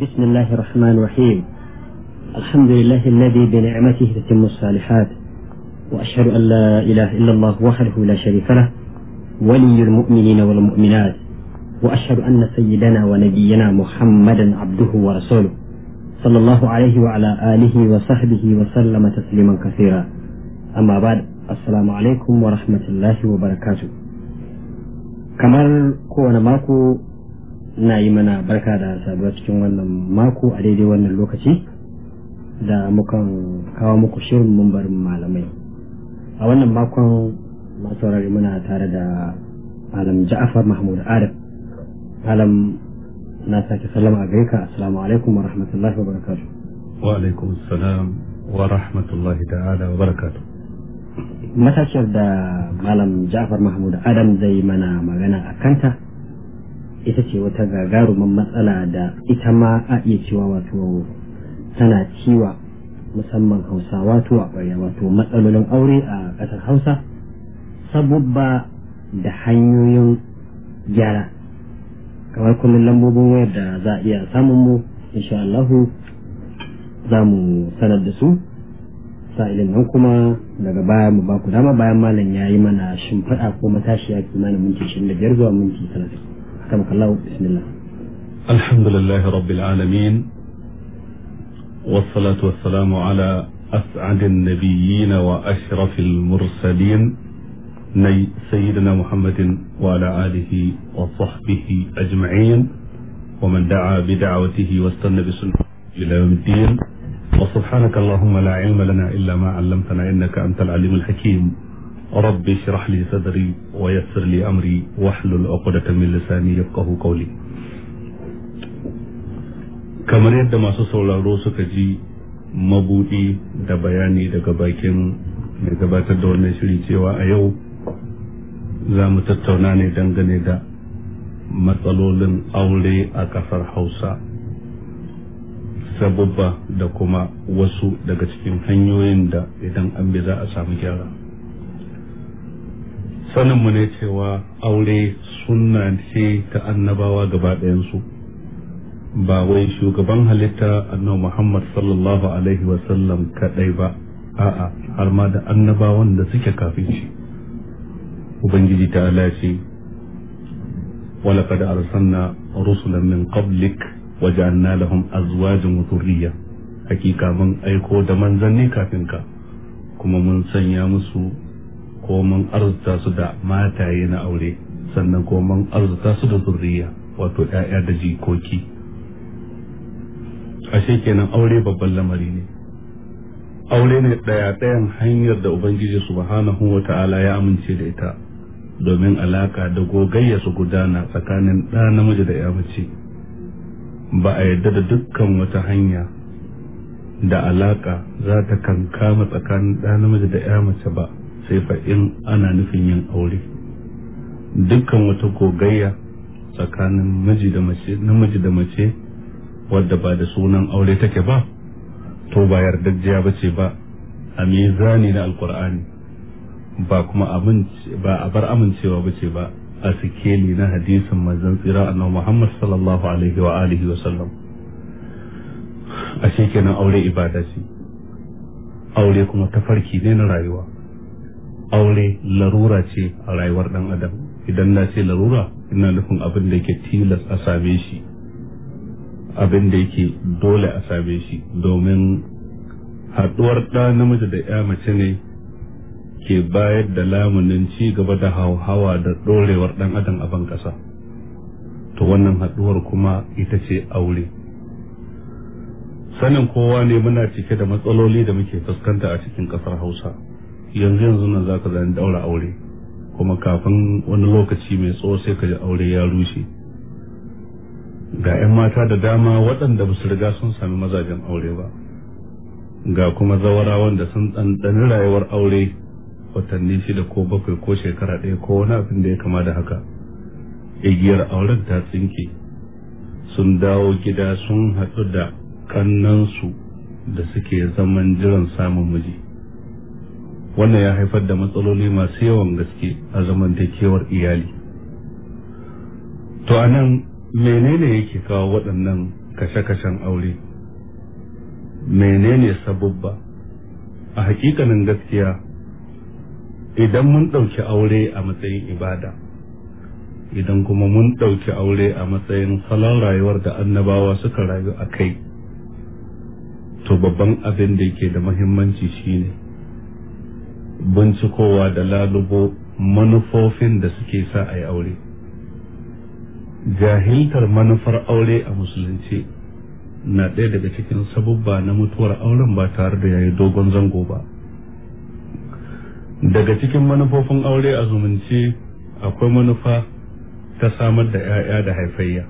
بسم الله الرحمن الرحيم الحمد لله الذي بنعمته تتم الصالحات وأشهد أن لا إله إلا الله وحده لا شريك له ولي المؤمنين والمؤمنات وأشهد أن سيدنا ونبينا محمدا عبده ورسوله صلى الله عليه وعلى آله وصحبه وسلم تسليما كثيرا أما بعد السلام عليكم ورحمة الله وبركاته kamar كون ماكو na yi mana barka da saduwa cikin wannan mako a daidai wannan lokaci da mukan kawo muku shirin mumbarin malamai a wannan makon masu muna tare da malam ja'afar mahmud arif malam na sake salama a gaika assalamu alaikum wa rahmatullahi wa barakatu wa alaikum salam wa rahmatullahi ta'ala wa barakatu matashiyar da malam ja'afar mahmud adam zai mana magana a kanta ita ce wata gagarumin matsala da ita ma a iya cewa wato tana ciwa musamman hausawa a ƙwarya wato matsalolin aure a ƙasar hausa sabubba da hanyoyin gyara kamar kullum lambobin wayar da za a iya samun mu insha Allahu za mu sanar da su sa'ilin nan kuma daga baya mu ba ku dama bayan malam ya yi mana shimfiɗa ko matashiya kimanin minti 25 zuwa minti 30 أكرمك الله بسم الله الحمد لله رب العالمين والصلاة والسلام على أسعد النبيين وأشرف المرسلين ني سيدنا محمد وعلى آله وصحبه أجمعين ومن دعا بدعوته واستنى بسنته إلى يوم الدين وسبحانك اللهم لا علم لنا إلا ما علمتنا إنك أنت العليم الحكيم رب اشرح لي صدري ويسر لي أمري واحلل عقدة من لساني يفقه قولي kamar yadda masu sauraro suka ji mabuɗi da bayani daga bakin mai gabatar da wannan shiri cewa a yau za mu tattauna ne dangane da matsalolin aure a kasar hausa sabubba da kuma wasu daga cikin hanyoyin da idan an bi za a samu gyara saninmu ne cewa aure sunna ce ta annabawa gaba ɗayansu ba wai shugaban halitta annabi muhammad sallallahu alaihi wasallam kaɗai ba a'a har ma da annabawan da suke kafin shi ubangiji ta ce ولقد أرسلنا رسلا من قبلك وجعلنا لهم أزواجا وذرية hakika mun aiko da manzanni kafin ka kuma mun sanya musu ko mun arzuta su da mataye na aure sannan ko mun arzuta su da zurriya wato ƴaƴa da jikoki ashe kenan aure babban lamari ne aure ne ɗaya ɗayan hanyar da ubangiji subhanahu wa ta'ala ya amince da ita domin alaka da gogayya su gudana tsakanin ɗa namiji da ya mace ba a yarda da dukkan wata hanya da alaka za ta kankama tsakanin ɗa namiji da ya mace ba sai fa in ana nufin yin aure dukkan wata gogayya tsakanin miji da mace namiji da mace wadda ba da sunan aure take ba to ba yardajjiya ba ce ba a mizani na alkur'ani ba kuma ba a bar amincewa ba ce ba a sikeli na hadisin manzon tsira annabi Muhammad sallallahu alaihi wa alihi wa sallam a aure ibada ce aure kuma tafarki ne na rayuwa aure larura ce a rayuwar dan adam idan na ce larura ina nufin abin da yake tilas a same shi abin da yake dole a same shi domin haɗuwar ɗa namiji da ya mace ne ke bayar da lamunin ci gaba da hauhawa da ɗorewar ɗan adam a ban ƙasa to wannan haɗuwar kuma ita ce aure sanin kowa ne muna cike da matsaloli da muke fuskanta a cikin ƙasar hausa yanzu yanzu nan zaka zan daura aure kuma kafin wani lokaci mai tsawo sai ka ji aure ya rushe ga 'yan mata da dama waɗanda ba su riga sun sami mazajen aure ba ga kuma zawara wanda sun ɗanɗani rayuwar aure watanni shida ko bakwai ko shekara ɗaya ko wani abin da ya kama da haka igiyar auren ta tsinke sun dawo gida sun haɗu da kannansu da suke zaman jiran samun miji wannan ya haifar da matsaloli masu yawan gaske a zamantakewar iyali to anan menene yake kawo waɗannan kashe-kashen aure menene sabubba a hakikanin gaskiya idan mun ɗauki aure a matsayin ibada idan kuma mun ɗauki aure a matsayin salon rayuwar da annabawa suka rayu a kai to babban abin da yake da mahimmanci shine bincikowa da lalubo manufofin da suke sa a yi aure jahiltar manufar aure a musulunci na ɗaya daga cikin sabubba na mutuwar auren ba tare da yayi dogon zango ba daga cikin manufofin aure a zumunci akwai manufa ta samar da 'ya'ya da haifayya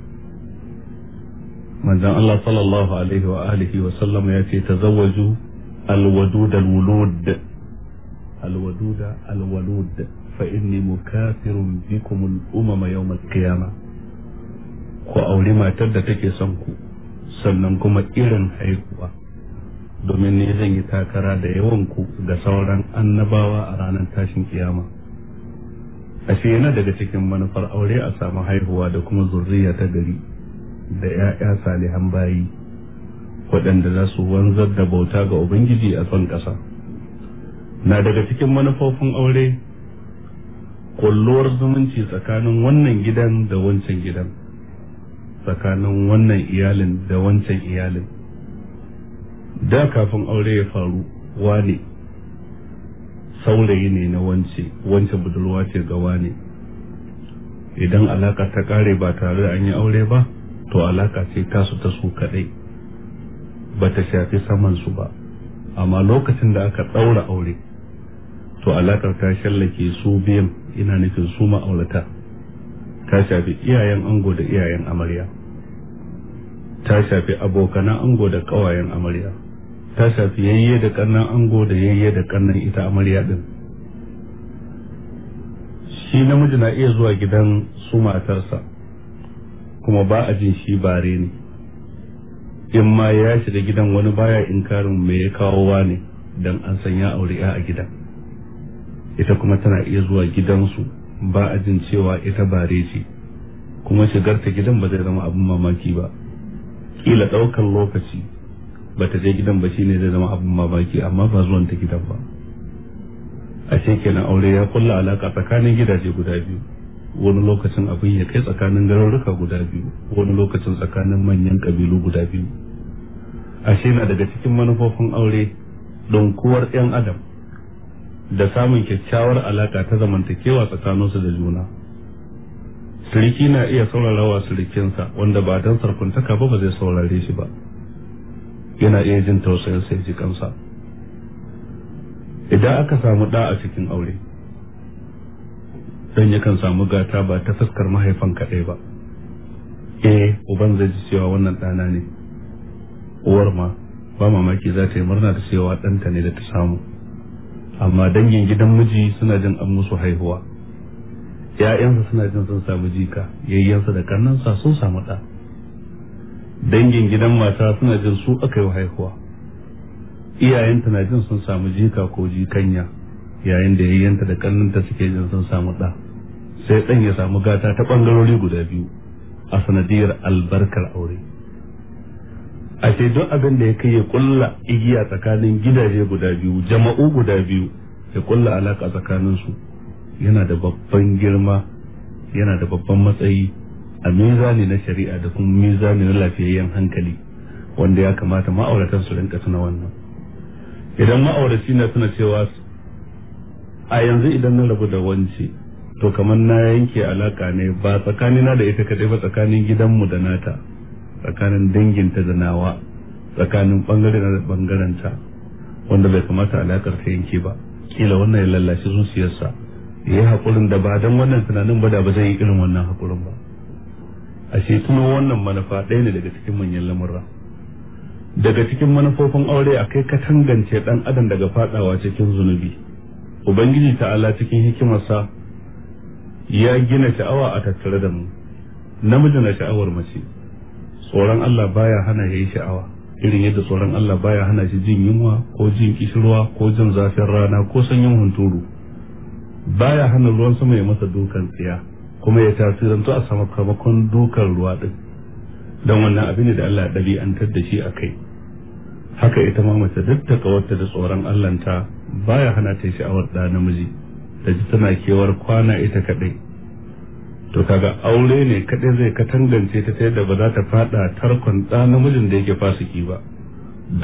manzan Allah sallallahu alaihi wa alihi wa sallam ya ce alwadu, da lulud. الودود الولود فإني مكاثر بكم الأمم يوم القيامة وأولي son ku sannan kuma إيرن haihuwa, domin ne zan yi takara da yawanku ga sauran annabawa a ranar tashin kiyama ashe yana daga cikin manufar aure a samu haihuwa da kuma zurriya ta gari da 'ya'ya salihan bayi waɗanda za su wanzar da bauta ga ubangiji a son ƙasa na daga cikin manufofin aure kulluwar zumunci tsakanin wannan gidan da wancan gidan tsakanin wannan iyalin da wancan iyalin da kafin aure ya faru wane saurayi ne na wance wance budurwa ce ga ne idan alaka ta kare ba tare da an yi aure ba to alaka ce tasu ta su kadai ba ta shafi samansu ba amma lokacin da aka ɗaura aure to alakar ta shallake su biyan ina nufin su ma'aurata ta shafi iyayen ango da iyayen amarya ta shafi abokanan ango da ƙawayen amarya ta shafi yayye da kannan ango da yayye da kannan ita amarya din shi namiji na iya zuwa gidan su matarsa kuma ba a jin shi bare ne in ma ya shiga gidan wani baya inkarin me ya kawo ne don an sanya aure a gidan ita kuma tana iya zuwa gidansu ba a jin cewa ita bare ce kuma shigar ta gidan ba zai zama abin mamaki ba kila ɗaukar lokaci ba ta je gidan ba shi ne zai zama abin mamaki amma ba zuwan ta gidan ba a kenan aure ya kulla alaka tsakanin gidaje guda biyu wani lokacin abin ya kai tsakanin garuruka guda biyu wani lokacin tsakanin manyan kabilu guda biyu ashe na daga cikin manufofin aure don kuwar 'yan adam da samun kyakkyawar alaka ta zamantakewa tsakaninsu da juna siriki na iya saurarawa sirikinsa wanda ba don sarkuntaka ba ba zai saurare shi ba yana iya jin tausayin sai ji kansa idan aka samu ɗa a cikin aure dan yakan samu gata ba ta fuskar mahaifan kaɗai ba eh uban zai ji cewa wannan ɗana ne uwar ma ba mamaki za ta yi murna da cewa ɗanta ne da ta samu amma dangin gidan miji suna jin an musu haihuwa ‘ya'yansa suna jin sun samu jika yayyansa da karnansa sun samu ɗa dangin gidan mata suna jin su aka yi haihuwa iyayenta na jin sun samu jika ko jikanya yayin da yayyanta da karnanta suke jin sun samu ɗa sai ɗan ya samu gata ta ɓangarori guda biyu a sanadiyar albarkar aure ce duk abin da ya kai ya kulla igiya tsakanin gidaje guda biyu jama'u guda biyu ya kulla alaka tsakanin su yana da babban girma yana da babban matsayi a mizani na shari'a da kuma mizani na lafiyayyen hankali wanda ya kamata ma'auratan su rinka tuna wannan idan ma'aurati na suna cewa a yanzu idan na rabu da wance to kamar na yanke alaka ne ba tsakanina da ita kadai ba tsakanin gidanmu da nata tsakanin danginta da nawa tsakanin bangare da bangarenta wanda bai kamata alakar ta yanke ba kila wannan ya lallashi zuciyarsa ya yi haƙurin da ba don wannan tunanin ba da ba zai yi irin wannan haƙurin ba a tuno wannan manufa ɗaya ne daga cikin manyan lamurra daga cikin manufofin aure a kai katangance tangance ɗan adam daga faɗawa cikin zunubi ubangiji ta'ala cikin hikimarsa ya gina sha'awa a tattare da mu namiji na sha'awar mace tsoron Allah baya hana ya yi sha'awa irin yadda tsoron Allah baya hana shi jin yunwa ko jin kishirwa ko jin zafin rana ko sanyin hunturu baya hana ruwan sama ya masa dukan tsiya kuma ya tasirantu a samakamakon dukan ruwa din don wannan abin da Allah ya ɗabi'antar da shi a kai haka ita ma mace duk ta kawarta da tsoron Allah ta baya hana ta sha'awar ɗa namiji da ji tana kewar kwana ita kaɗai to kaga aure ne kadai zai katangance ta ta yadda ba za ta fada tarkon da namijin da yake fasiki ba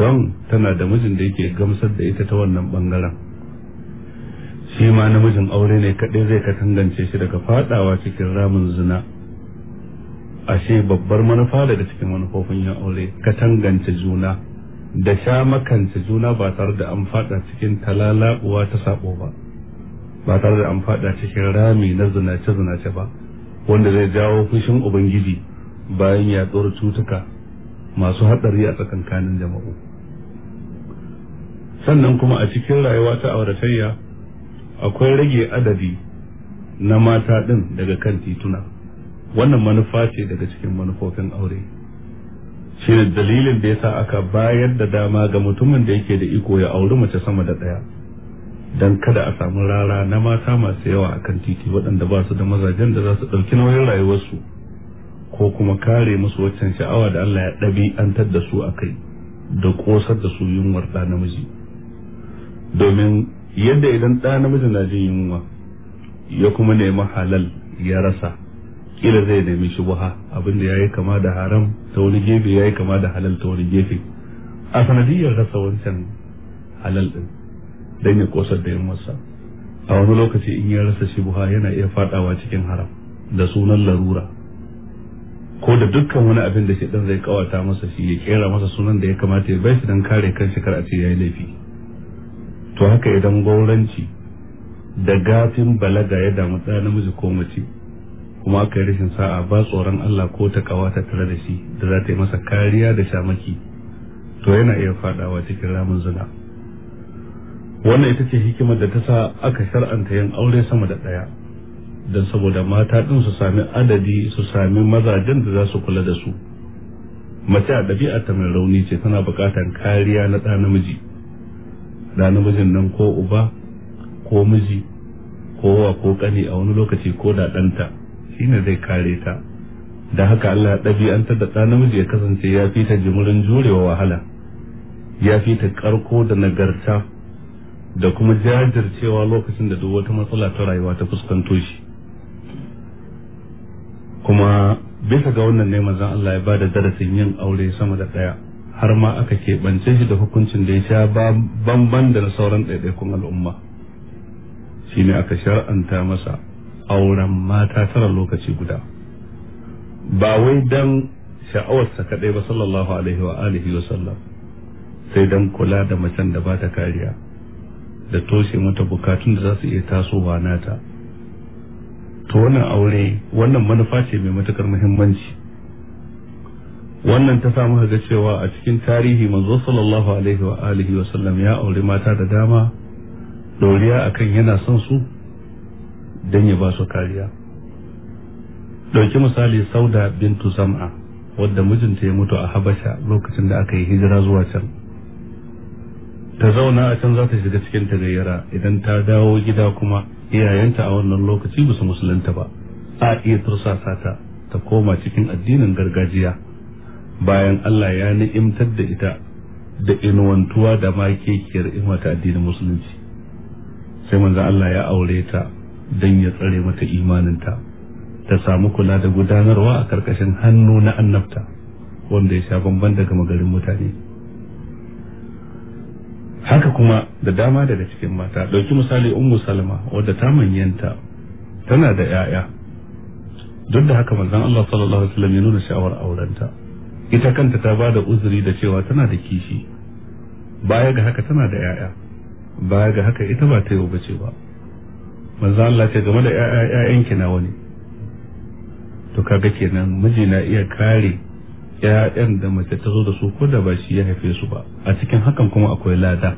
don tana da mijin da yake gamsar da ita ta wannan bangaren shi ma namijin aure ne kadai zai katangance shi daga faɗawa cikin ramin zina ashe babbar manufa da cikin manufofin yin aure katangance juna da sha makance juna ba tare da an fada cikin talala uwa ta saɓo ba ba tare da an faɗa cikin rami na zinace zinace ba wanda zai jawo fushin ubangiji bayan yaduwar cutuka masu hatsari a tsakankanin jama'u sannan kuma a cikin rayuwa ta auratayya akwai rage adadi na mata ɗin daga kan tituna wannan manufa ce daga cikin manufofin aure shi dalilin da ya sa aka bayar da dama ga mutumin da yake da iko ya auri mace sama da ɗaya don kada a samu rara na mata masu yawa a kan titi waɗanda ba su da mazajen da za su ɗauki nauyin rayuwarsu ko kuma kare musu waccan sha'awa da Allah ya ɗabi'antar da su a kai da ƙosar da su yunwar ɗa namiji domin yadda idan ɗa namiji na jin yunwa ya kuma nemi halal ya rasa kila zai nemi shubuha abinda ya yi kama da haram ta wani gefe ya yi kama da halal ta wani gefe a sanadiyar rasa wancan halal ɗin dan ya kosar da yunwarsa a wani lokaci in ya rasa shi buha yana iya fadawa cikin haram da sunan larura ko da dukkan wani abin da shi dan zai kawata masa shi ya kera masa sunan da ya kamata ya bai shi dan kare shi kar a ce yayi laifi to haka idan gauranci da gafin balaga ya damu ɗaya namiji ko mace kuma aka yi rashin sa'a ba tsoron Allah ko ta kawata tare da shi da za ta yi masa kariya da shamaki to yana iya fadawa cikin ramin zina wannan ita ce hikimar da ta sa aka shar'anta yin aure sama da ɗaya don saboda mata ɗin su sami adadi su sami mazajen da za su kula da su mace a ɗabi'a ta mai rauni ce tana buƙatar kariya na ɗa namiji ɗa namijin nan ko uba ko miji ko wa ko ƙani a wani lokaci ko da ɗanta shine zai kare ta da haka Allah ya ɗabi'antar da ɗa namiji ya kasance ya fi ta jimurin jurewa wahala ya fi ta ƙarko da nagarta da kuma jajircewa lokacin da duk wata matsala ta rayuwa ta fuskanto shi kuma bisa ga wannan ne manzon Allah ya bada darasin yin aure sama da daya har ma aka keɓance shi da hukuncin da ya sha bamban da na sauran ɗaiɗaikun al'umma shi ne aka shar'anta masa auren mata tara lokaci guda ba wai don sha'awarsa kaɗai ba sallallahu alaihi wa alihi wa sallam sai don kula da macen da ba ta kariya da toshe mata bukatun da za su iya tasowa nata to wannan aure wannan manufa ce mai matukar muhimmanci wannan ta samu ga cewa a cikin tarihi manzo sallallahu alaihi wa alihi wa sallam ya aure mata da dama doriya akan yana son su dan ya ba su kariya dauki misali sauda bintu sam'a wadda mijinta ya mutu a habasha lokacin da aka yi hijira zuwa can ta zauna a can za ta shiga cikin tagayyara idan ta dawo gida kuma iyayenta a wannan lokaci ba musulunta ba a iya tursasa ta ta koma cikin addinin gargajiya bayan Allah ya ni'imtar da ita da inuwantuwa da ma kekiyar ima ta addinin musulunci sai manzo Allah ya aure ta don ya tsare mata imaninta ta samu kula da gudanarwa a karkashin hannu na annabta wanda ya sha bamban daga magarin mutane haka kuma da dama daga cikin mata ɗauki misali ungu salma wadda ta manyanta tana da 'ya'ya duk da haka manzon Allah sallallahu alaihi wasallam ya nuna sha'awar aurenta ita kanta ta da uzuri da cewa tana da kishi baya ga haka tana da 'ya'ya baya ga haka ita ba ta yi bace ba manzon Allah ce game da 'ya'yanki nawa ne to kaga kenan miji na iya kare 'ya'yan da mace ta zo da su ko da ba shi ya haife su ba a cikin hakan kuma akwai lada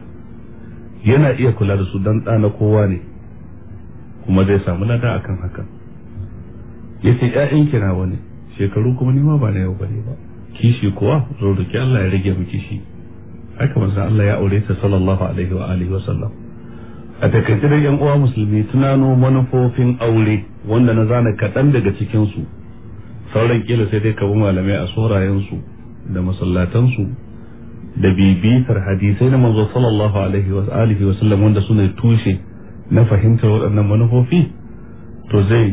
yana iya kula da su dan ɗa na kowa ne kuma zai samu lada akan hakan ya ce 'ya'yan kina wani shekaru kuma nima ba na yau ba ne ba kishi kuwa zo roki Allah ya rage miki shi haka manzon Allah ya aure ta sallallahu alaihi wa alihi wa sallam a takaice da yan uwa musulmi tunano manufofin aure wanda na zana kaɗan daga cikin su sauran kila sai dai kabu malamai a sorayensu da masallatansu da bibitar hadisai na manzo sallallahu alaihi wa alihi wa sallam wanda suna tushe na fahimtar waɗannan manufofi to zai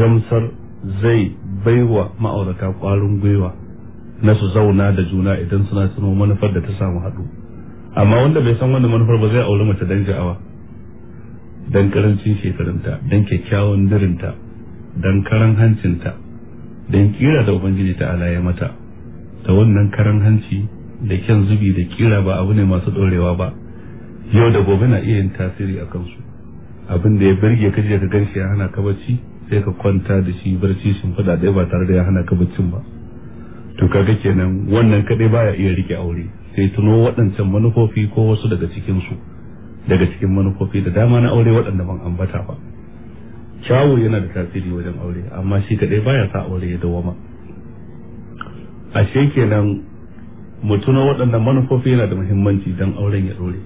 gamsar zai baiwa ma'aurata ƙwarin gwiwa na su zauna da juna idan suna tuno manufar da ta samu haɗu amma wanda bai san wanda manufar ba zai auri mace dan ja'awa dan karancin shekarunta dan kyakkyawan dirinta dan karan hancinta don kira da ubangiji ta ala mata da wannan karan hanci da kyan zubi da kira ba abu ne masu dorewa ba yau da gobe na iya yin tasiri a kansu abin da ya birge ka je ka gan ya hana ka bacci sai ka kwanta da shi barci sun fada dai ba tare da ya hana ka baccin ba to kaga kenan wannan kadai baya iya rike aure sai tuno waɗancan manufofi ko wasu daga cikinsu daga cikin manufofi da dama na aure waɗanda ban ambata ba kyawu yana da tasiri wajen aure amma shi kadai baya sa aure ya dawama ashe kenan mutuna waɗannan manufofi yana da muhimmanci don auren ya dore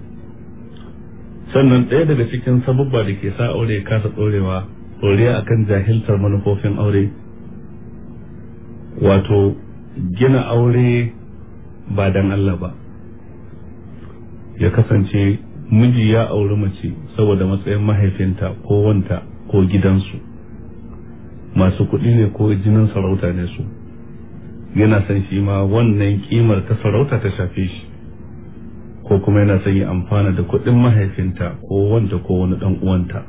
sannan ɗaya daga cikin sababba da ke sa aure ya kasa ɗorewa a akan jahiltar manufofin aure wato gina aure ba don Allah ba ya kasance miji ya auri mace saboda matsayin mahaifinta ko wanta ko gidansu masu kuɗi ne ko jinin sarauta ne su yana san shi ma wannan kimar ta sarauta ta shafe shi ko kuma yana son yi amfana da kuɗin mahaifinta ko wanda ko wani ɗan uwanta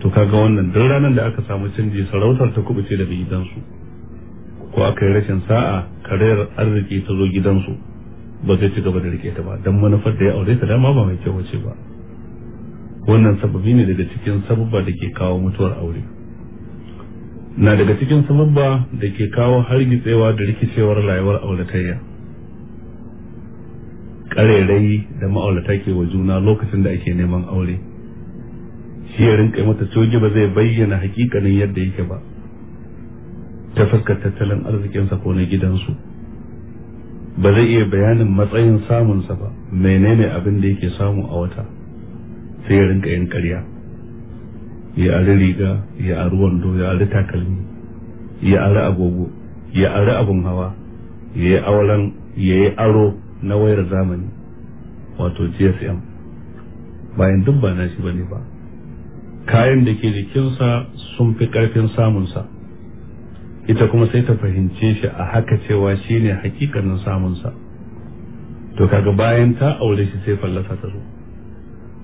to kaga wannan duk ranar da aka samu canji sarautar ta kubuce daga gidansu ko aka yi rashin sa'a karayar arziki ta zo gidansu ba zai ci gaba da rike ta ba don manufar da ya aure ta dama ba mai kyau ce ba wannan sababi ne daga cikin sababba da ke kawo mutuwar aure na daga cikin sababba da ke kawo hargitsewa da rikicewar rayuwar auratayya Karerai da ma'aurata ke wa juna lokacin da ake neman aure shi ya rinka mata coge ba zai bayyana hakikanin yadda yake ba ta fuskar tattalin arzikinsa ko na gidansu ba zai iya bayanin matsayin samunsa ba menene abin da yake samu a wata sai ya rinka yin ƙarya ya ari riga ya ari wando ya ari takalmi ya ari agogo ya ari abun hawa ya yi auren ya yi aro na wayar zamani wato gsm bayan duk ba na shi ba ne ba kayan da ke jikinsa sun fi karfin samunsa ita kuma sai ta fahimce shi a haka cewa shi ne hakikanin samunsa to kaga bayan ta aure shi sai fallasa ta zo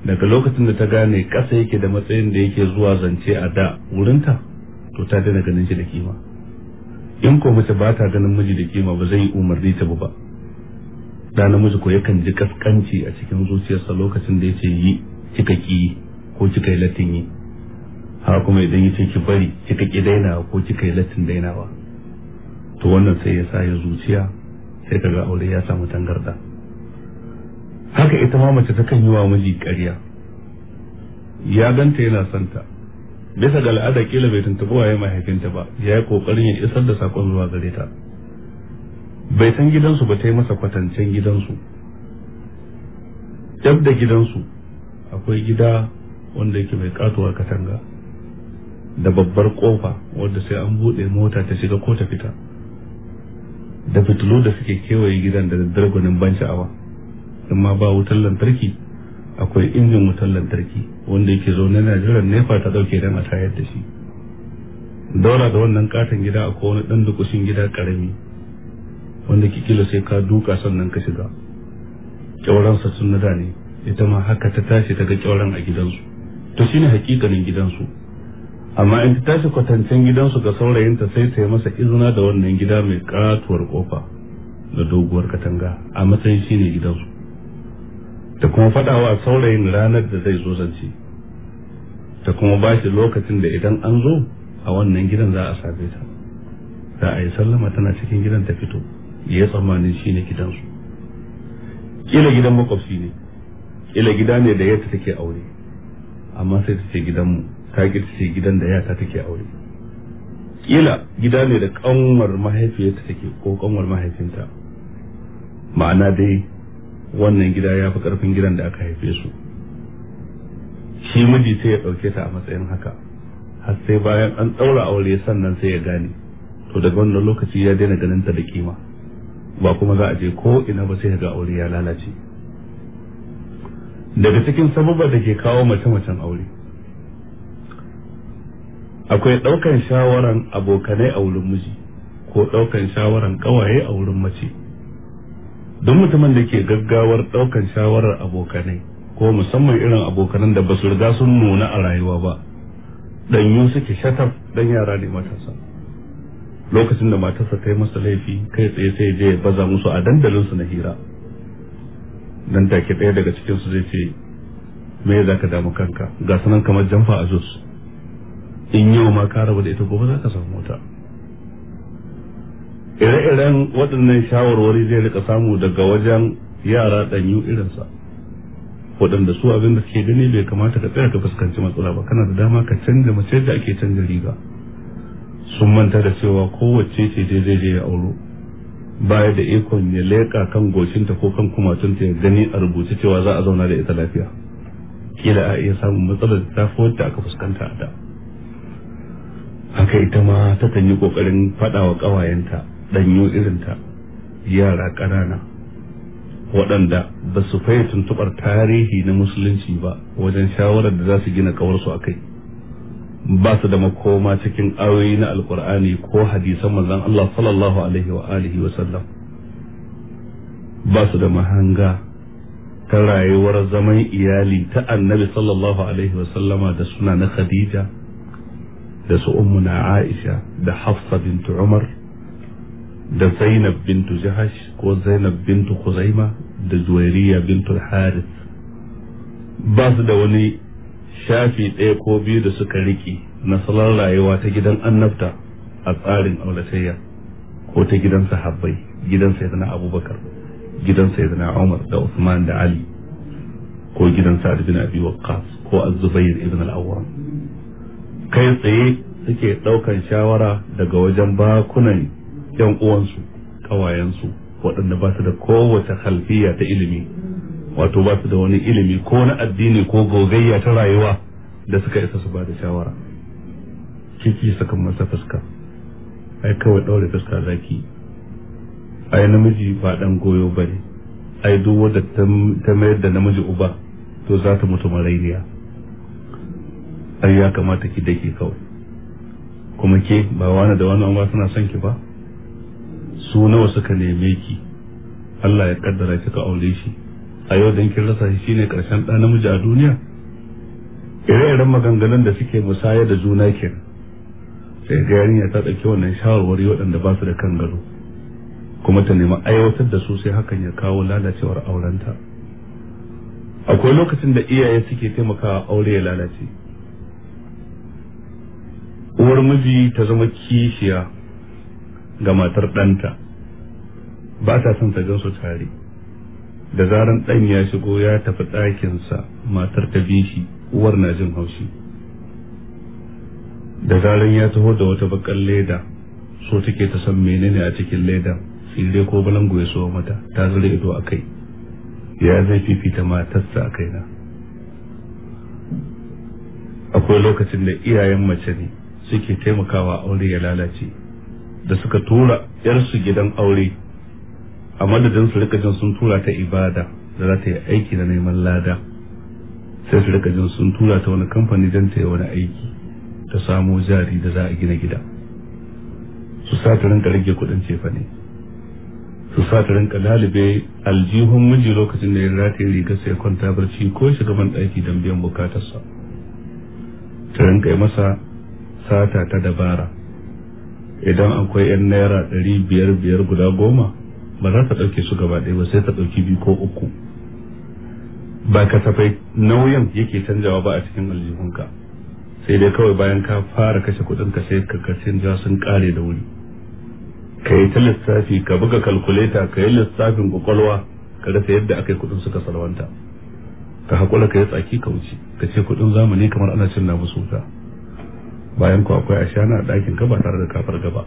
daga lokacin da ta gane ƙasa yake da matsayin da yake zuwa zance a da wurinta to ta daina ganin shi da kima in ko mace ba ta ganin miji da kima ba zai yi umarni ta ba da namiji ko yakan ji kaskanci a cikin zuciyarsa lokacin da yace yi kika ki ko kika yi latin yi haka kuma idan yace ki bari kika ki daina ko kika yi latin dainawa to wannan sai ya sa ya zuciya sai kaga aure ya samu tangarda haka ita ma mace takan yi wa miji ƙarya ya ganta yana santa bisa ga al'ada kila bai tuntuɓi waye mahaifinta ba ya yi ƙoƙarin ya isar da saƙon zuwa gare ta bai san gidansu ba ta yi masa kwatancen gidansu dab da gidansu akwai gida wanda yake mai katuwar katanga da babbar ƙofa wadda sai an buɗe mota ta shiga ko ta fita da fitilu da suke kewaye gidan da gwanin ban sha'awa in ba wutar lantarki akwai injin wutar lantarki wanda yake zaune na jiran nefa ta dauke dan a tayar da shi daura da wannan katon gida akwai wani dan dukushin gida karami wanda kikila sai ka duka sannan ka shiga kyauransa sun da ne ita ma haka ta tashi ga kyauran a gidansu to shine hakikanin gidansu amma in ta tashi kwatancen gidansu ga saurayinta sai ta yi masa izina da wannan gida mai katuwar kofa da doguwar katanga a matsayin shine gidansu da kuma faɗawa saurayin ranar da zai zo zance da kuma ba shi lokacin da idan an zo a wannan gidan za a same ta da a yi sallama tana cikin gidan ta fito ya tsammanin shi ne gidansu kila gidan makwabci ne kila gida ne da yata take aure amma sai ta ce gidanmu ta ki ce gidan da yata take aure kila gida ne da kanwar mahaifiyarta take ko kanwar mahaifinta ma'ana dai wannan gida ya fi karfin gidan da aka haife su shi miji sai ya ɗauke ta a matsayin haka har sai bayan an ɗaura aure sannan sai ya gane to daga wannan lokaci ya daina ganin ta da kima ba kuma za a je ko ina ba sai ga aure ya lalace daga cikin sababar da ke kawo mace-macen aure akwai ɗaukan shawaran abokanai a wurin miji ko ɗaukan shawaran ƙawaye a wurin mace don mutumin da ke gaggawar ɗaukan shawarar abokanai ko musamman irin abokanan da ba su riga sun nuna a rayuwa ba ɗanyu suke shatar dan yara ne matasa lokacin da matarsa ta yi masa laifi kai tsaye sai je ya baza musu a dandalin su na hira dan take ɗaya daga cikin su zai ce me za ka damu kanka ga sanan kamar jamfa a zuwa in yau ma ka raba da ita gobe za ka samu mota. ire-iren waɗannan shawarwari zai rika samu daga wajen yara ɗanyu irinsa waɗanda su abin da suke gani bai kamata ka tsaya ka fuskanci matsala ba kana da dama ka canza mace da ake canza riga sun manta da cewa kowace ce ce zai je ya auro baya da ikon ya leƙa kan gocinta ko kan kumatunta ya gani a rubuce cewa za a zauna da ita lafiya kila a iya samun matsalar da ta wadda aka fuskanta a da haka ita ma takan yi ƙoƙarin faɗa wa ƙawayenta ɗanyo irinta yara ƙanana waɗanda ba su faye tuntuɓar tarihi na musulunci ba wajen shawarar da za su gina ƙawarsu a kai ba su da makoma cikin ayoyi na alkur'ani ko hadisan manzon Allah sallallahu alaihi wa alihi wa sallam ba su da mahanga ta rayuwar zaman iyali ta annabi sallallahu alaihi wa sallama da suna na khadija da su ummuna aisha da hafsa bintu umar da zainab bintu jahash ko zainab bintu khuzaima da zuwairiya bintu haris ba su da wani shafi ɗaya ko biyu da suka riƙe na salon rayuwa ta gidan annabta a tsarin aulatayya ko ta gidan sahabbai gidan sayyidina abubakar gidan sayyidina umar da usman da ali ko gidan sa'ad bin abi waqqas ko az-zubair ibn al kai tsaye suke ɗaukan shawara daga wajen bakunan yan uwansu kawayensu waɗanda ba su da kowace halfiya ta ilimi wato ba su da wani ilimi ko na addini ko gogayya ta rayuwa da suka isa su ba da shawara kiki sukan masa fuska ai kawai ɗaure fuska zaki ai namiji ba ɗan goyo ba ne ai duk wadda ta mayar da namiji uba to za ta mutu marairiya. ai ya kamata ki dake kawai kuma ke ba wani da wani an ba suna son ki ba su nawa suka neme ki Allah ya kaddara kika aure shi a yau dan kin rasa shi shine karshen ɗa namiji a duniya ire-iren maganganun da suke musaya da juna ke sai ga yarinya ta ɗauki wannan shawarwari waɗanda ba su da kan gado kuma ta nemi aiwatar da su sai hakan ya kawo lalacewar aurenta akwai lokacin da iyaye suke taimakawa aure ya lalace uwar miji ta zama kishiya ga matar ɗanta ba ta son ta gan su tare da zaran ɗan ya shigo ya tafi ɗakinsa matar ta bi shi uwar na jin haushi da zaran ya taho da wata bakar leda so take ta san menene a cikin ledan tsire ko balango ya so mata ta zure ido a kai ya zai fifita matarsa a kaina akwai lokacin da iyayen mace ne suke taimakawa aure ya lalace da suka tura yarsu gidan aure a madadin su rika jin sun tura ta ibada da za ta yi aiki da neman lada sai su rika jin sun tura ta wani kamfani don ta yi wani aiki ta samo jari da za a gina gida su sa ta rinka rage kudin cefa ne su sa ta rinka lalibe aljihun miji lokacin da ya rataye riga sai kwanta barci ko ya shiga ban daki don biyan bukatarsa ta rinka yi masa sata ta dabara idan akwai yan naira ɗari biyar biyar guda goma ba za ta ɗauke su gaba ɗaya ba sai ta ɗauki biyu ko uku ba ka kasafai nauyin yake canjawa ba a cikin aljihunka sai dai kawai bayan ka fara kashe kuɗin ka sai ka ja sun kare da wuri ka yi ta lissafi ka buga kalkuleta ka yi lissafin kwakwalwa ka rasa yadda aka yi kuɗin suka salwanta ka haƙura ka yi tsaki ka wuce ka ce kuɗin zamani kamar ana cin na musu wuta bayan ku akwai ashana a ɗakin ka ba tare da kafar gaba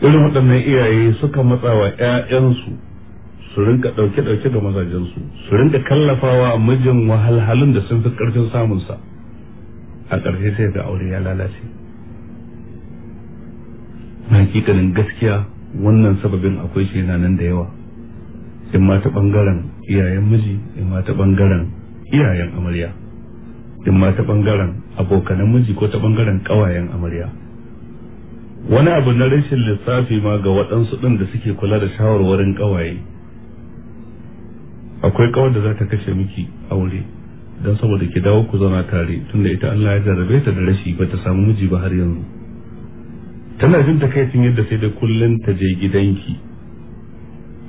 irin waɗannan iyaye suka matsawa ‘ya'yansu su rinka ɗauke-ɗauke ga mazajensu su rinka kallafawa mijin wahalhalun da sun fi ƙarfin samunsa a ƙarshe sai ga aure ya lalace na hakikanin gaskiya wannan sababin akwai shi yana nan da yawa in ma ta ɓangaren iyayen miji in ma ta ɓangaren iyayen amarya in ma ta bangaren abokanan miji ko ta bangaren kawayen amarya wani abu na rashin lissafi ma ga waɗansu ɗin da suke kula da shawarwarin kawaye akwai kawar da za ta kashe miki aure don saboda ki dawo ku zauna tare tunda ita Allah ya jarrabe ta da rashi ba ta samu miji ba har yanzu tana jin takaicin yadda sai da kullum ta je gidanki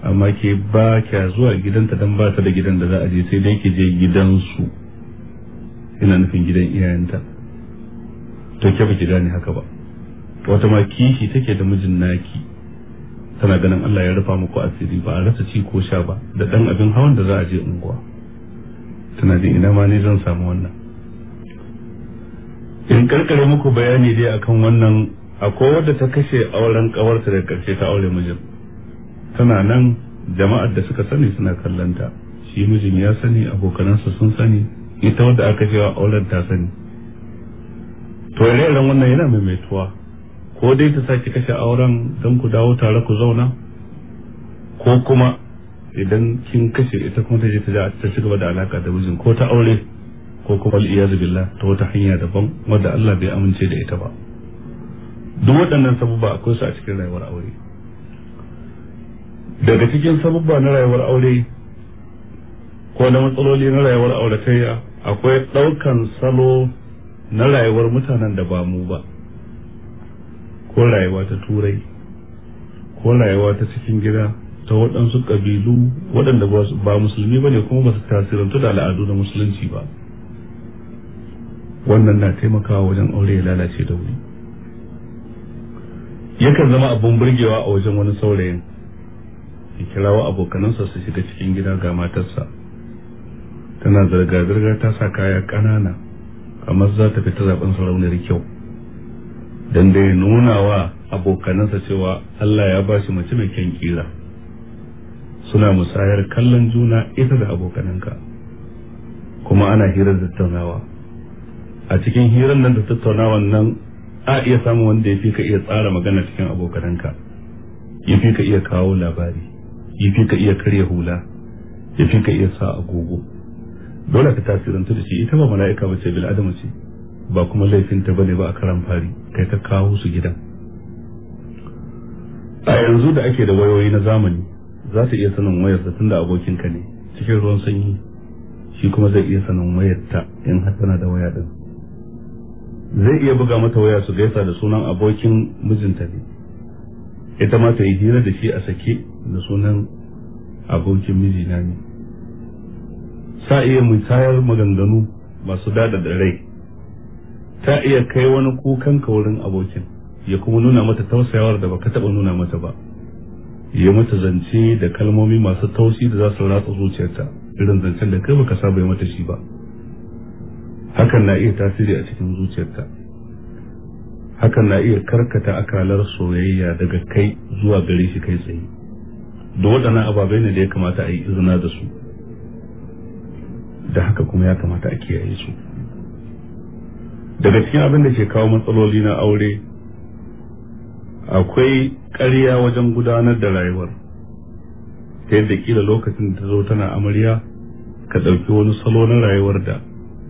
amma ke ba kya zuwa gidanta don ba ta da gidan da za a je sai dai ki je gidansu Ina nufin gidan iyayenta to ke baki gane haka ba wata ma kishi take da mijin naki tana ganin Allah ya rufa muku asiri ba a rasa ci ko sha ba da dan abin hawan da za a je unguwa tana jin ina ma ne zan samu wannan in karkare muku bayani dai akan wannan akwai wadda ta kashe auren kawarta da karshe ta aure mijin tana nan jama'ar da suka sani suna kallanta shi mijin ya sani abokanansa sun sani ita wadda aka cewa auren ta sani to ire-iren wannan yana maimaituwa ko dai ta sake kashe auren don ku dawo tare ku zauna ko kuma idan kin kashe ita kuma ta je ta ta ci gaba da alaka da mijin ko ta aure ko kuma al'iyazu billah ta wata hanya daban wadda Allah bai amince da ita ba duk waɗannan sabubba akwai su a cikin rayuwar aure daga cikin sabubba na rayuwar aure ko na matsaloli na rayuwar auratayya akwai ɗaukan salo na rayuwar mutanen da ba mu ba ko rayuwa ta turai ko rayuwa ta cikin gida ta waɗansu ƙabilu waɗanda ba musulmi ba ne kuma ba su tasirantu da al'adu da musulunci ba wannan na taimakawa wajen aure ya lalace da wuri yakan zama abin burgewa a wajen wani saurayin ya kirawo abokanansa su shiga cikin gida ga matarsa tana zirga-zirga ta sa kaya ƙanana kamar za ta fita zaben sarauniyar kyau don da ya nuna wa abokanansa cewa Allah ya ba shi mace mai kyan kira suna musayar kallon juna ita da abokananka kuma ana hirar tattaunawa a cikin hirar nan da tattaunawan nan a iya samun wanda ya fi ka iya tsara magana cikin abokananka ya fi ka iya kawo labari ya fi ka iya karya hula ya fi ka iya sa agogo dole ka tasirantu da shi ita ba mala'ika ba ce bil'adama ce ba kuma laifinta ba ne ba a karan fari kai ka kawo su gidan a yanzu da ake da wayoyi na zamani za ta iya sanin wayar da tunda abokinka ne cikin ruwan sanyi shi kuma zai iya sanin wayar ta in har tana da waya din zai iya buga mata waya su gaisa da sunan abokin mijinta ne ita ma ta yi hira da shi a sake da sunan abokin mijina ne ta iya musayar maganganu masu dada da rai ta iya kai wani kukan ka wurin abokin ya kuma nuna mata tausayawar da baka taba nuna mata ba ya mata zance da kalmomi masu tausi da za su ratsa zuciyarta irin zancen da kai baka saba mata shi ba hakan na iya tasiri a cikin zuciyarta hakan na iya karkata akalar soyayya daga kai zuwa gare shi kai tsaye da waɗannan ababai ne da ya kamata a yi izina da su da haka kuma ya kamata a kiyaye su daga cikin abin da ke kawo matsaloli na aure akwai ƙarya wajen gudanar da rayuwar ta yadda kila lokacin da ta zo tana amarya ka ɗauki wani salo na rayuwar da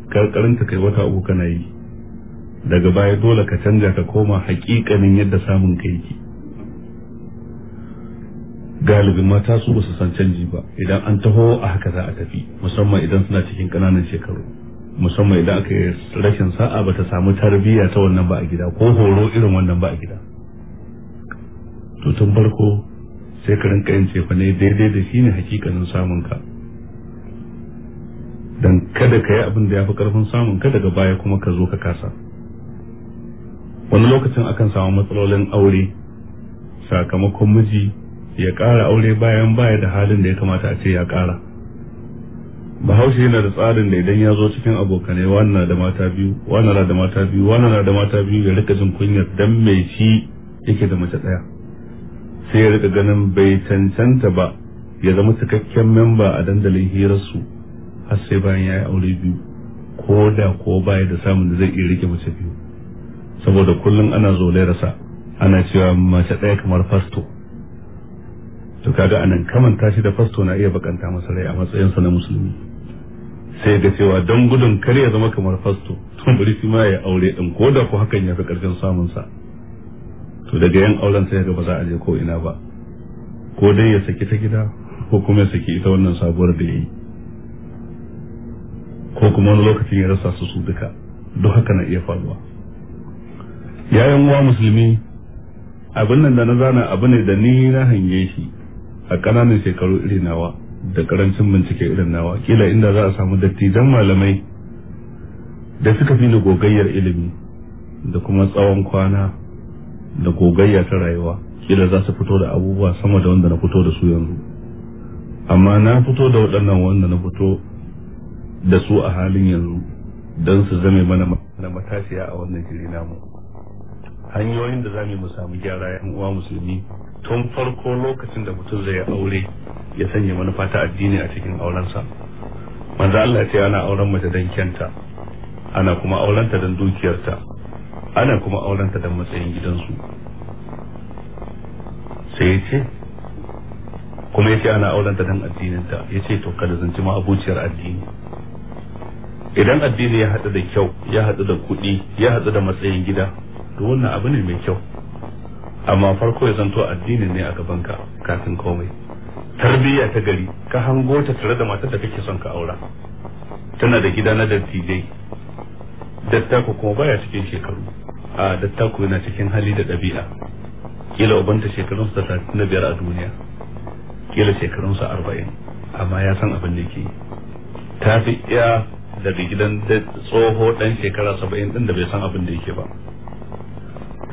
karkarinta kai wata uku kana yi daga baya dole ka canja ka koma hakikanin yadda samun kai yake galibin mata su ba su san canji ba idan an taho a haka za a tafi musamman idan suna cikin ƙananan shekaru musamman idan aka yi rashin sa'a ba ta samu tarbiyya ta wannan ba a gida ko horo irin wannan ba a gida to tun farko sai ka rinka yin cefa ne daidai da shi ne hakikanin samun ka dan kada ka yi abin da ya fi karfin samun ka daga baya kuma ka zo ka kasa wani lokacin akan samu matsalolin aure sakamakon miji ya ƙara aure bayan baya da halin da ya kamata a ce ya ƙara bahaushe yana da tsarin da idan ya zo cikin abokanai wani na da mata biyu wani na da mata biyu wani na da mata biyu ya rika jin kunyar dan mai shi yake da mace ɗaya sai ya rika ganin bai cancanta ba ya zama cikakken memba a dandalin hirarsu har sai bayan ya yi aure biyu ko da ko baya da samun da zai iya rike mace biyu saboda kullum ana zolerarsa ana cewa mace ɗaya kamar fasto to kaga anan kamanta tashi da fasto na iya bakanta masa rai a sa na musulmi sai da cewa don gudun kar ya zama kamar fasto to bari shi ma ya aure din ko da ko hakan ya fi karfin samun sa to daga yan auren sai ga ba za a je ko ina ba ko dai ya saki ta gida ko kuma ya saki ita wannan sabuwar da yayi ko kuma wani lokacin ya rasa su su duka duk haka na iya faruwa yayan uwa musulmi abin nan da na zana abu ne da ni na hange shi a ƙananan shekaru irin nawa da karancin bincike irin nawa kila inda za a samu dattijan malamai da suka fi da gogayyar ilimi da kuma tsawon kwana da gogayya ta rayuwa kila za su fito da abubuwa sama da wanda na fito da su yanzu amma na fito da waɗannan wanda na fito da su a halin yanzu don su zame mana matashiya a wannan jiri namu hanyoyin da za mu samu gyara yan uwa musulmi tun farko lokacin da mutum zai aure ya sanya manufa ta addini a cikin aurensa manzo Allah ce ana auren mace don kyanta ana kuma aurenta don dukiyarta ana kuma aurenta don matsayin gidansu sai ce kuma yace ana aurenta don addininta yace to kada zanci ma abuciyar addini idan addini ya hadu da kyau ya hadu da kuɗi ya hadu da matsayin gida to wannan abu ne mai kyau amma farko ya zanto addinin ne a gaban ka kafin komai tarbiyya ta gari ka hango ta tare da matar da kake son ka aura tana da gida na dattijai dattako kuma baya cikin shekaru a dattako yana cikin hali da ɗabi'a kila ubanta shekarunsa ta talatin da biyar a duniya kila shekarunsa arba'in amma ya san abin da ke ta fi iya daga gidan tsoho dan shekara saba'in din da bai san abin da yake ba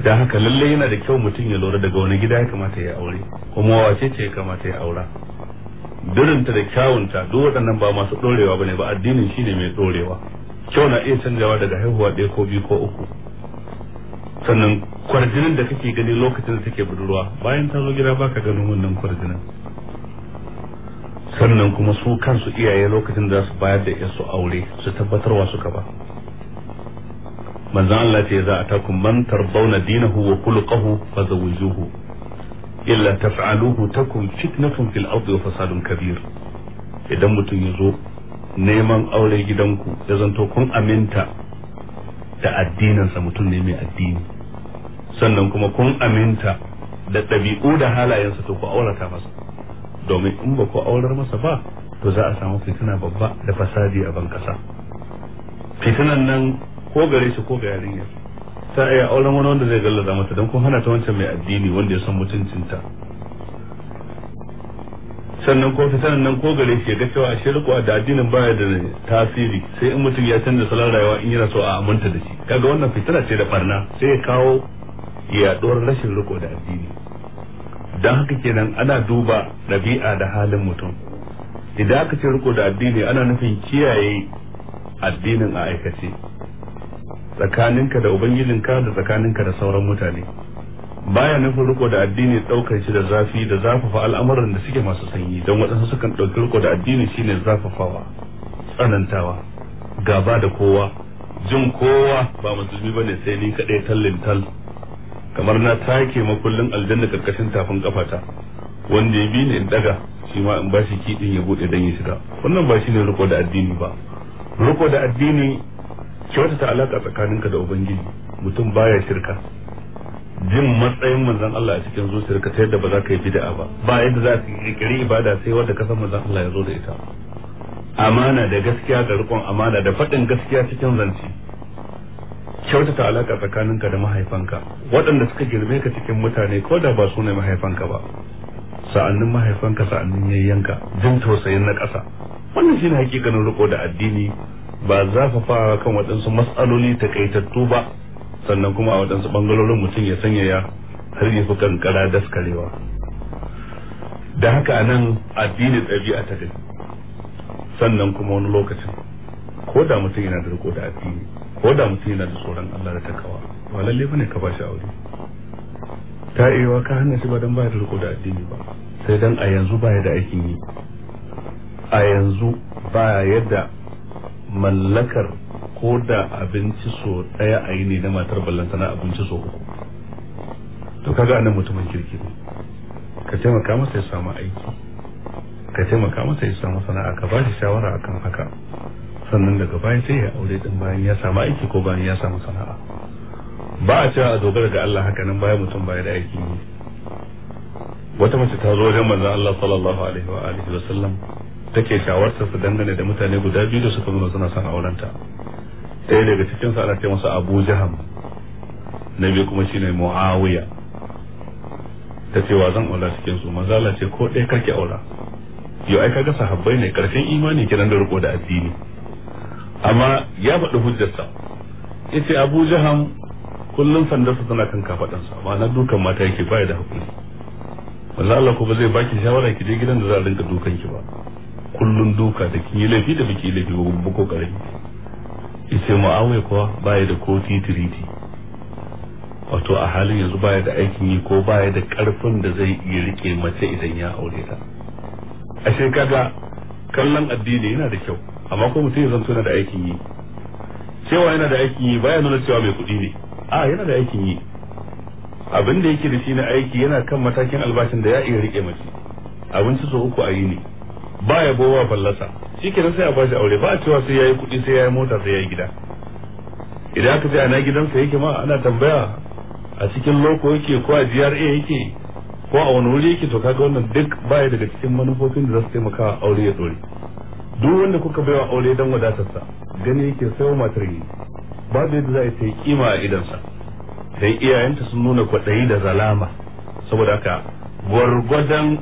da haka lallai yana da kyau mutum ya lura daga wani gida ya kamata ya aure kuma wace ce ya kamata ya aura durinta da kyawunta duk waɗannan ba masu ɗorewa ne ba addinin shine mai ɗorewa kyau na iya canjawa daga haihuwa ɗaya ko biyu ko uku sannan kwarjinin da kake gani lokacin da take budurwa bayan ta zo gida baka ganin wannan kwarjinin sannan kuma su kansu iyaye lokacin da za su bayar da su aure su tabbatarwa suka ba manzon Allah ce za a takum man tardawna dinahu wa khuluquhu fazawwijuhu illa taf'aluhu takum fitnatun fil ardi wa fasadun kabir idan mutum ya zo neman aure gidanku ya zanto kun aminta da addininsa mutum ne mai addini sannan kuma kun aminta da ɗabi'u da halayensa to ku aurata masa domin in ba ku aurar masa ba to za a samu fitina babba da fasadi a ban kasa fitinan nan ko gare shi ko ga yarinya ta iya auren wani wanda zai gallaza mata don kun hana ta wancan mai addini wanda ya san mutuncinta sannan ko fi nan ko gare shi ya ga cewa ashe riko da addinin baya da tasiri sai in mutum ya canza salon rayuwa in yana so a aminta da shi kaga wannan fitila ce da barna sai ya kawo yaduwar rashin riko da addini don haka kenan ana duba ɗabi'a da halin mutum idan aka ce riko da addini ana nufin kiyaye addinin a aikace tsakaninka da ubangijinka da tsakaninka da sauran mutane baya nufin riko da addini daukar shi da zafi da zafafa al'amuran da suke masu sanyi don waɗansu sukan ɗauki riko da addini shine zafafawa tsanantawa gaba da kowa jin kowa ba musulmi bane sai ni kaɗai tallin tal kamar na take makullin aljanna karkashin tafin kafata wanda ya bi ni in daga shi ma in bashi kidin ya buɗe dan ya shiga wannan ba ne riko da addini ba riko da addini kyautata alaka tsakaninka da ubangiji mutum baya shirka jin matsayin manzon Allah a cikin zuciyarka ta yadda ba za ka yi bid'a ba ba yadda za ka kirkiri ibada sai wanda ka san manzon Allah ya zo da ita amana da gaskiya da rikon amana da faɗin gaskiya cikin zance kyautata alaka tsakaninka da mahaifanka waɗanda suka girme ka cikin mutane ko da ba su ne mahaifanka ba sa'annin mahaifanka sa'annin yayyanka jin tausayin na ƙasa wannan shine hakikanin riko da addini ba za fara kan waɗansu matsaloli takaitattu ba sannan kuma a waɗansu ɓangarorin mutum ya sanya ya har ya fi kankara daskarewa da haka nan addini ɗabi'a ta dai sannan kuma wani lokacin ko da mutum yana da riko da addini ko da mutum yana da tsoron Allah da takawa ba lalle ne ka ba shi aure ta iya ka hana shi ba don ba da riko da addini ba sai dan a yanzu baya da aikin yi a yanzu baya yadda mallakar ko da abinci so daya a yi ne na matar na abinci so uku to kaga anan mutumin kirki ne ka taimaka masa ya samu aiki ka taimaka masa ya samu sana'a ka ba shi shawara akan haka sannan daga bayan sai ya aure din bayan ya samu aiki ko bayan ya samu sana'a ba a cewa a dogara ga Allah haka nan bayan mutum baya da aiki ne wata mace ta zo wajen manzon Allah sallallahu alaihi wa alihi wa sallam take shawarta su dangane da mutane guda biyu da suka zo suna son aurenta ɗaya daga cikin su ana ce masa Abu Jaham na biyu kuma shine Muawiya ta ce wa zan aura cikin su manzon Allah ce ko ɗaya karki aura yau ai kaga sahabbai ne karfin imani kiran da riko da addini amma ya faɗi hujjarsa yace Abu Jaham kullum sandarsa tana kan kafadansa amma na dukan mata yake baya da hakuri wallahi Allah ko ba zai baki shawara ki je gidan da za a rinka dukan ki ba kullun duka da kin yi laifi da biki laifi ba ba ko karami yace mu'awiya kuwa baya da ko titiriti wato a halin yanzu baya da aikin yi ko baya da karfin da zai iya rike mace idan ya aure ta ashe kaga kallon addini yana da kyau amma ko mutum ya zanto yana da aikin yi cewa yana da aikin yi baya nuna cewa mai kuɗi ne a yana da aikin yi abin da yake da shi na aiki yana kan matakin albashin da ya iya rike mace abinci su uku a yi ne ba ya bowa fallasa shi kenan sai a bashi aure ba a cewa sai ya yi kuɗi sai ya yi mota sai ya yi gida idan aka ce ana gidansa yake ma ana tambaya a cikin loko yake ko a GRA yake ko a wani wuri yake to kaga wannan duk ba ya daga cikin manufofin da za su taimaka aure ya dore duk wanda kuka baiwa aure don wadatarsa gani yake sayo matar yi babu yadda za a yi kima a gidansa. sai iyayenta sun nuna kwaɗayi da zalama saboda haka gwargwadon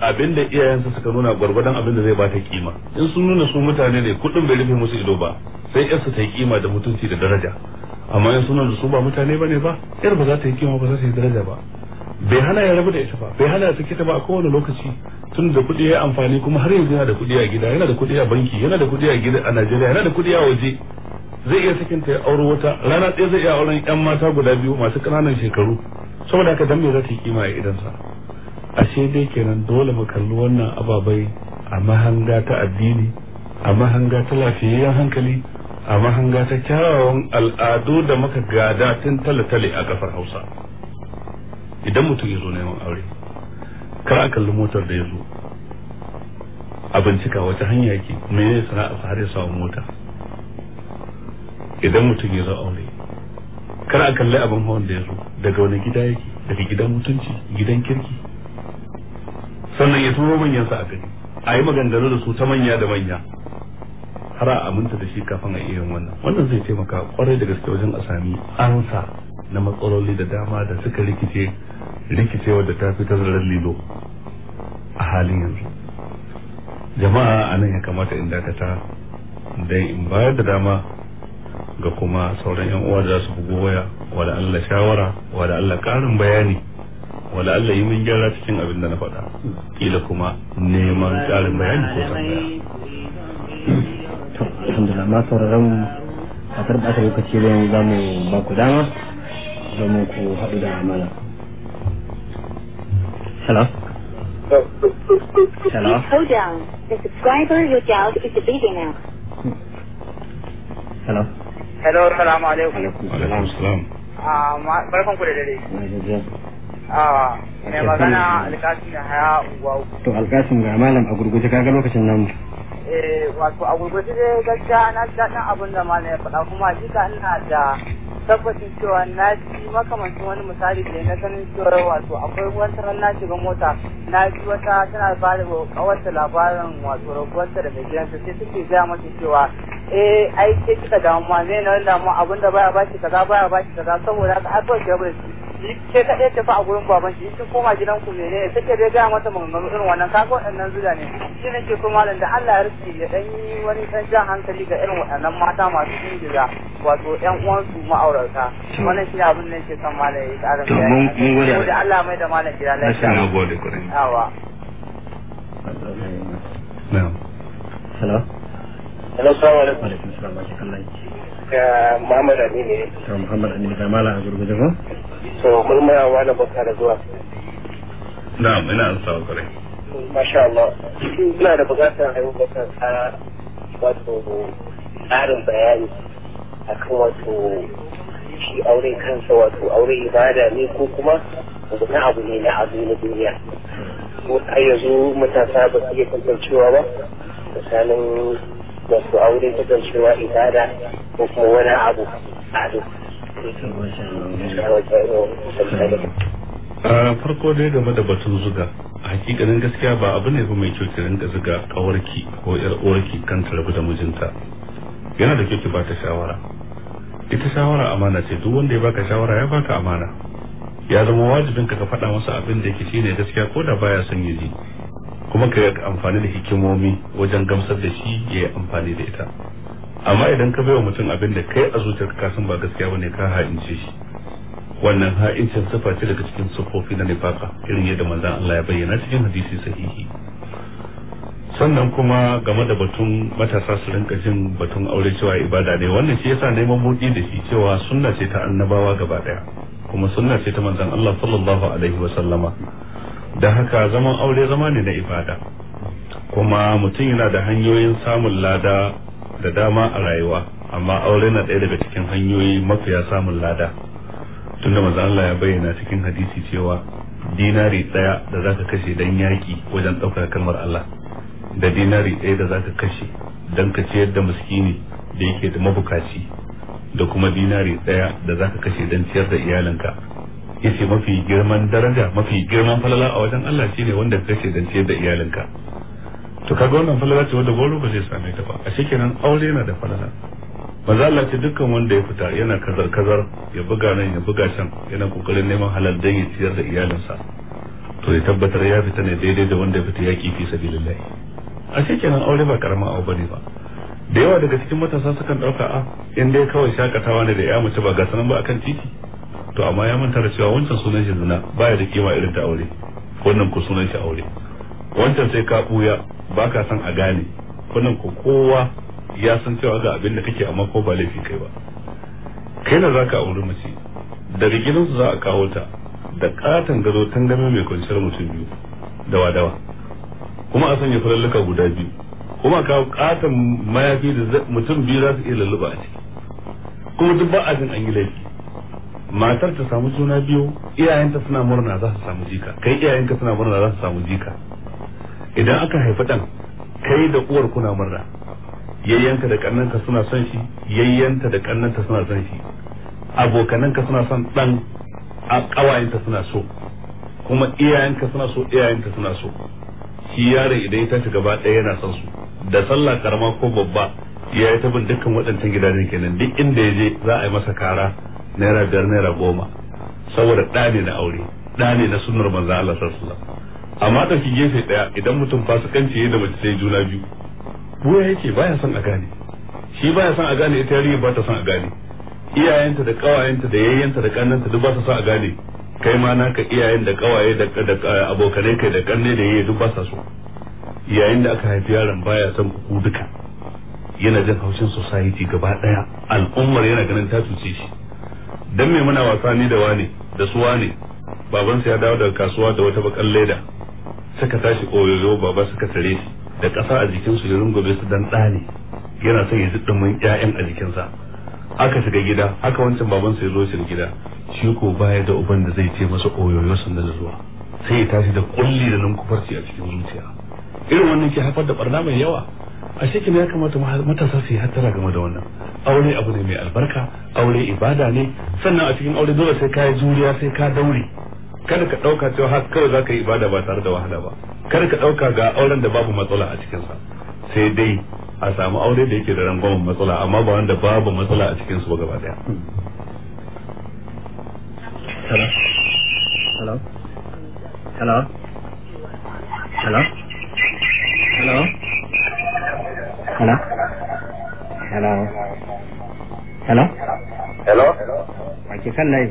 abin da iyayensa suka nuna gwargwadon abin da zai ba ta kima in sun nuna su mutane ne kuɗin bai rufe musu ido ba sai yarsa ta yi kima da mutunci da daraja amma in sunan da su ba mutane ba ne ba yar ba za ta yi kima ba za ta yi daraja ba bai hana ya rabu da ita ba bai hana ya sake ta ba a kowane lokaci tun da kuɗi ya amfani kuma har yanzu yana da kuɗi a gida yana da kuɗi a banki yana da kuɗi a gida a Najeriya yana da kuɗi a waje zai iya sakin ta ya auro wata rana ɗaya zai iya auren yan mata guda biyu masu ƙananan shekaru saboda haka dan me za ta yi kima a idansa ashe dai kenan dole mu kalli wannan ababai a mahanga ta addini a mahanga ta lafiyayyen hankali a mahanga ta kyawawan al'adu da muka gada tun tale-tale a kafar hausa idan mutum ya zo neman aure kar a kalli motar da ya zo a bincika wata hanya yake mene sana'a har ya samu mota idan mutum ya zo aure kar a kalli abin hawan da ya zo daga wani gida yake daga gidan mutunci gidan kirki sannan ya turo sa a gani a yi maganganu da su ta manya da manya har a aminta da shi kafin a iya wannan wannan zai taimaka kwarai da gaske wajen a sami ansa na matsaloli da dama da suka rikice rikicewa da ta fi tazarar lilo a halin yanzu jama'a a nan ya kamata in dakata dai in bayar da dama ga kuma sauran yan uwa da su bugo waya wala Allah shawara wala Allah karin bayani wala Allah yi min gyara cikin abin da na faɗa kila kuma neman karin bayani ko tambaya alhamdulillah ma sauraron a tarba ta lokaci da yanzu zamu ba ku dama domin ku haɗu da amana hello hello hello hello hello salamu alaikum alaikum salam ah, barkan ku da dare ah, mai magana alkasim da haya unguwa to alkasim ga malam a gurguje kaga lokacin namu eh wato a gurguje dai gaskiya na ji daɗin abin da malam ya faɗa kuma hakika ina da tabbacin cewa na ji makamancin wani misali da na sanin cewa wato akwai wata ran na shiga mota na ji wata tana ba da kawarta labarin wato rabuwarta daga gidansa sai take gaya mata cewa eh ai ke kika damuwa baya bashi kaza baya bashi kaza saboda haka har kawai ya bari ke a gurin baban shi kin koma gidan ku mene take dai gaya mata maganganu irin wannan kaga waɗannan zuga ne shi ne ke da Allah ya rufe ya ɗan yi wani jan hankali ga irin waɗannan mata masu ingiza wato ƴan uwansu ma'aurata wannan shi abin da ke son ya ƙara mun gode da Allah mai da lafiya Assalamu alaikum. Wa Muhammad Aminu ne. Muhammad Aminu ga mala a gurguje ko? To murmurawa da baka da zuwa. ina an sawa kare. Masha Allah. Ina da bukatar ayyukan a wato tsarin bayani akan wato shi aure kansa wato aure ibada ne ko kuma wani abu ne na abu na duniya. Ko yanzu matasa ba su iya tantancewa ba tsakanin da su aure ta gamsuwa ibada ko kuma wani abu a farko dai game da batun zuga a hakikanin gaskiya ba abu ne mai kyau ki rinka zuga kawarki ko yar uwarki kan ta rabu da mijinta yana da kyau ki bata shawara ita shawara amana ce duk wanda ya baka shawara ya baka amana ya zama wajibin ka ka faɗa masa abin da yake ne gaskiya ko da baya son yi ji kuma ka amfani da hikimomi wajen gamsar da shi ya yi amfani da ita amma idan ka baiwa mutum abin da kai a zuciyar ka san ba gaskiya bane ka ha'ince shi wannan ha'incin sifa ce daga cikin sufofi na nifaka irin yadda manzan Allah ya bayyana cikin hadisi sahihi sannan kuma game da batun matasa su rinka jin batun aure cewa ibada ne wannan shi yasa neman buɗi da shi cewa sunna ce ta annabawa gaba daya kuma sunna ce ta manzan Allah sallallahu alaihi wa da haka zaman aure zama ne na ibada kuma mutum yana da hanyoyin samun lada da dama a rayuwa amma aure na ɗaya daga cikin hanyoyi mafiya samun lada tunda maza Allah ya bayyana cikin hadisi cewa dinari ɗaya da zaka kashe dan yaƙi wajen ɗaukar kalmar Allah da dinari ɗaya da zaka kashe dan ka ciyar da miskini da yake da mabukaci da kuma dinari ɗaya da zaka kashe dan ciyar da iyalinka yace mafi girman daraja mafi girman falala a wajen Allah shine wanda kake dace da iyalinka to kaga wannan falala ce wanda goro ba zai same ta ba a shekenan aure yana da falala maza Allah ce dukkan wanda ya fita yana kazar kazar ya buga nan ya buga can yana kokarin neman halal dan ya ciyar da iyalinsa to ya tabbatar ya fita ne daidai da wanda ya fita yaki fi sabilillah a shekenan aure ba karama abu bane ba da yawa daga cikin matasa sukan dauka a ah, in dai kawai shakatawa ne da ya mace ba ga sanan ba akan titi to amma ya manta da cewa wancan sunan shi zina baya da kima irin ta aure wannan ku sunan shi aure wancan sai ka buya baka san a gane wannan ku kowa ya san cewa ga abin da kake amma ko ba laifi kai ba kai na zaka aure mace da rigilin su za a kawo ta da katan gado tangame mai kwanciyar mutum biyu dawa dawa kuma a sanya faralluka guda biyu kuma kawo katon mayafi da mutum biyu za su iya lalluba a ciki kuma duk ba a jin an yi laifi matar ta samu suna biyu iyayenta suna murna za su samu jika kai iyayenka suna murna za su samu jika idan aka haifi dan kai da uwar kuna murna yayyanka da kannanka suna son shi yayyanta da kannanta suna son shi abokananka suna son dan a kawayenta suna so kuma iyayenka suna so iyayenta suna so shi yaron idan ya tashi gaba ɗaya yana son su da sallah karama ko babba ya yi tabin dukkan waɗancan gidajen kenan duk inda ya je za a yi masa kara naira biyar naira goma saboda ɗane na aure ɗa ne na sunnar manzo Allah sallallahu amma ɗauki gefe ɗaya idan mutum fasikanci yayin da mace sai juna biyu buya yake baya son a gane shi baya son a gane ita yarinya ba ta son a gane iyayenta da kawayenta da yayyanta da kannanta duk ba su son a gane kai ma naka iyayen da kawaye da abokanai kai da kanne da yayye duk ba sa so yayin da aka haifi yaron baya son ku duka yana jin haushin society gaba daya al'ummar yana ganin ta cuce shi dan me muna wasa ni da wani da su baban babansa ya dawo daga kasuwa da wata bakan leda suka tashi koyoyo baba suka tare shi da kasa a jikin su ya rungume su dan ɗane yana son ya ji mun ƴaƴan a jikin sa. aka shiga gida haka wancan baban babansa ya zo shi gida shi ko baya da uban da zai ce masa oyoyo sun da zuwa sai ya tashi da kulli da kufarci a cikin zuciya irin wannan ke haifar da barna mai yawa a cikin ya kamata matasa su yi hattara game da wannan aure abu ne mai albarka aure ibada ne sannan a cikin aure dole sai ka yi juriya sai ka daure kada ka dauka cewa har kawai ka yi ibada ba tare da wahala ba kada ka dauka ga auren da babu matsala a cikin sa sai dai a samu aure da yake da rangwamen matsala amma ba wanda babu matsala a cikin su ba gaba daya hello hello hello hello Hello? Hello? Hello? Hello? Wake kan layi?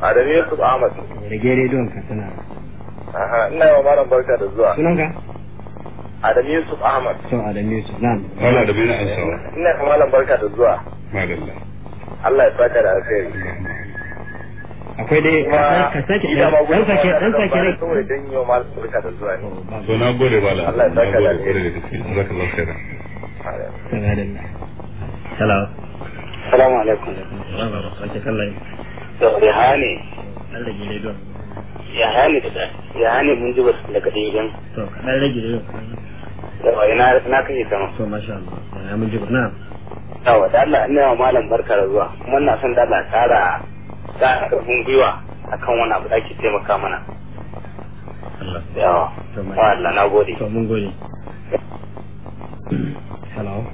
Adamu Yusuf Ahmad. Rage rediyon ka suna. Aha, ina yawa malam barka da zuwa. Sunanka? Adam Yusuf Ahmad. Sau Adamu Yusuf, nan. Wala Adamu Yusuf Ahmad. Ina yawa malam barka da zuwa. Madalla. Allah ya fata da alheri. akwai dai ka sake dan sake dan sake na gode bala Allah ya gode da kike zaka lafiya da salam ya rage ya Hali. da ya Hali mun ji wasu daga dingin to kadan rage da yawa ina na kake sama to masha Allah ya mun ji na yawa da Allah ina malam barka da zuwa kuma ina son da Allah kara za a karfin gwiwa wani abu ake taimaka mana Allah na gode mun gode hello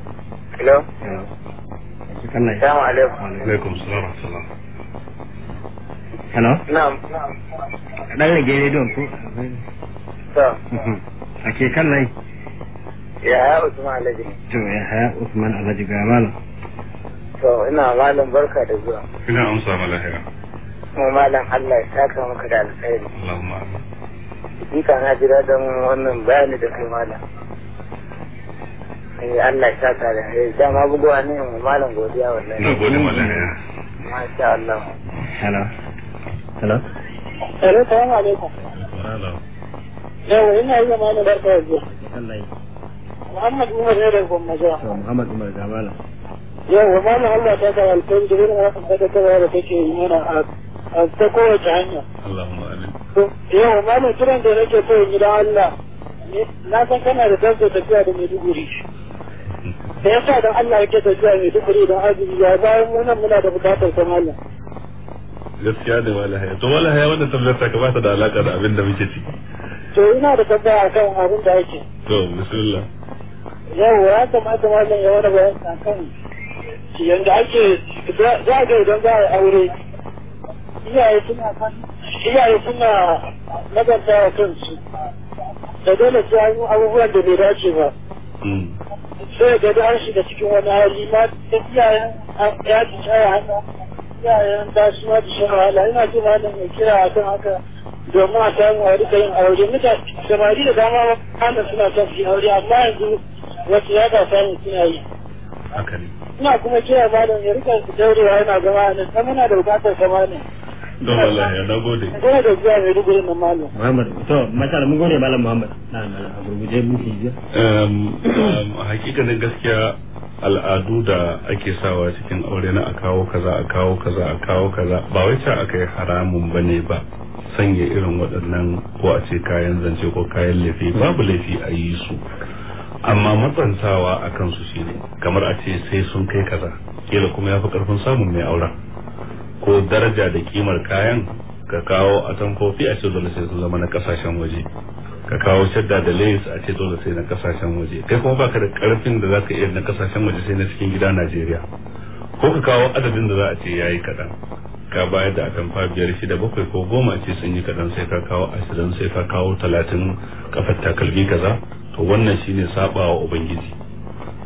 hello hello mhm. a ke kan nai ya haya usman alhaji to ya haya usman alhaji ga malam To ina malam barka da zuwa. Ina amsa ma lahira. Kuma malam Allah ya saka maka da alkhairi. Allahumma amin. Hakika na jira don wannan bayani da kai malam. Eh Allah ya saka da alkhairi. Dama bugowa ne mu malam godiya wallahi. Na gode malam ya. Masha Allah. Hello. Hello. Hello, salamu alaikum. Hello. Yau ina yi malam barka da zuwa. Allah ya. Muhammad Umar ne daga Gwamnati. Muhammad Umar ga malam. yawa malam Allah ta kawo alkhairi da irin wannan sadakarwa da kake yi mana a ta kowace hanya Allahumma amin yawa malam kiran da nake so in yi da Allah na san kana da tantar tafiya da mai duburi. da ya sa don Allah yake tafiya Maiduguri don azumi ya bayan munan muna da bukatar kan Allah gaskiya ne walahaya to walahaya wannan tambayar ta kamata da alaƙa da abin da muke ciki to ina da tambaya akan abin da ake to bismillah yawa ya kamata malam ya wani bayan kan. yanda ake za ga idan za a aure iyaye suna iyaye suna maganta wa kansu da dole sai an abubuwan da bai dace ba hmm. sai ga da an shiga cikin wani hali ma da iyayen ya ci shaya hannu iyayen ta shi ma ci shaya wahala ina ji malam mai kira a kan haka domin a samu a rika yin aure mutane samari da dama ma suna son su yi aure amma yanzu wasu ya ba samu suna yi. ina kuma kira malam ya rika su daurewa yana zama nan ta muna da bukatar sama ne don Allah ya na gode gode da zuwa mai rubuce na malam Muhammad to mashallah mun gode malam Muhammad na na a gurguje muke ji a hakikanin gaskiya al'adu da ake sawa cikin aure na a kawo kaza a kawo kaza a kawo kaza ba wai ta aka yi haramun ba ne ba sanya irin waɗannan ko a ce kayan zance ko kayan laifi babu laifi a yi su amma matsantawa a kansu shi ne kamar a ce sai sun kai kaza kila kuma ya fi karfin samun mai aura ko daraja da kimar kayan ka kawo a tankofi a ce dole sai su zama na kasashen waje ka kawo shadda da lace a ce dole sai na kasashen waje kai kuma baka da karfin da za ka iya na kasashen waje sai na cikin gida Najeriya ko ka kawo adadin da za a ce ya yi kaɗan ka bayar da atamfa biyar shida bakwai ko goma ce sun yi kaɗan sai ka kawo ashirin sai ka kawo talatin kafar takalmi kaza to wannan shine sabawa ubangiji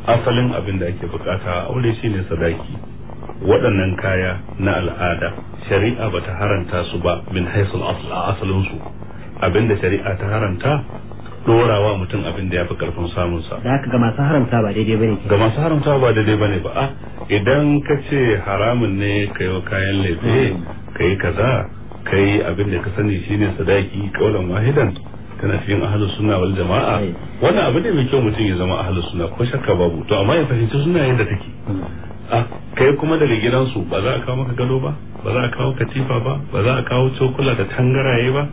asalin abin da ake bukata aure shine sadaki waɗannan kaya na al'ada shari'a ba ta haranta su ba min haisul a asalin su abin da shari'a ta haranta dorawa mutum abin da ya fi karfin samun sa da ga masu haramta ba daidai bane ga masu haramta ba daidai bane ba a idan ka ce haramun ne ka yi kayan laifi ka yi kaza ka yi abin da ka sani shine sadaki kaulan wahidan kana cikin ahlus sunna wal jama'a wannan abu ne mai kyau mutum ya zama ahlus sunna ko shakka babu to amma ya fahimci sunna yadda take hmm. a kai kuma daga gidansu ba za a kawo maka gado ba ba za a kawo katifa ba ba za a kawo cokula da tangaraye ba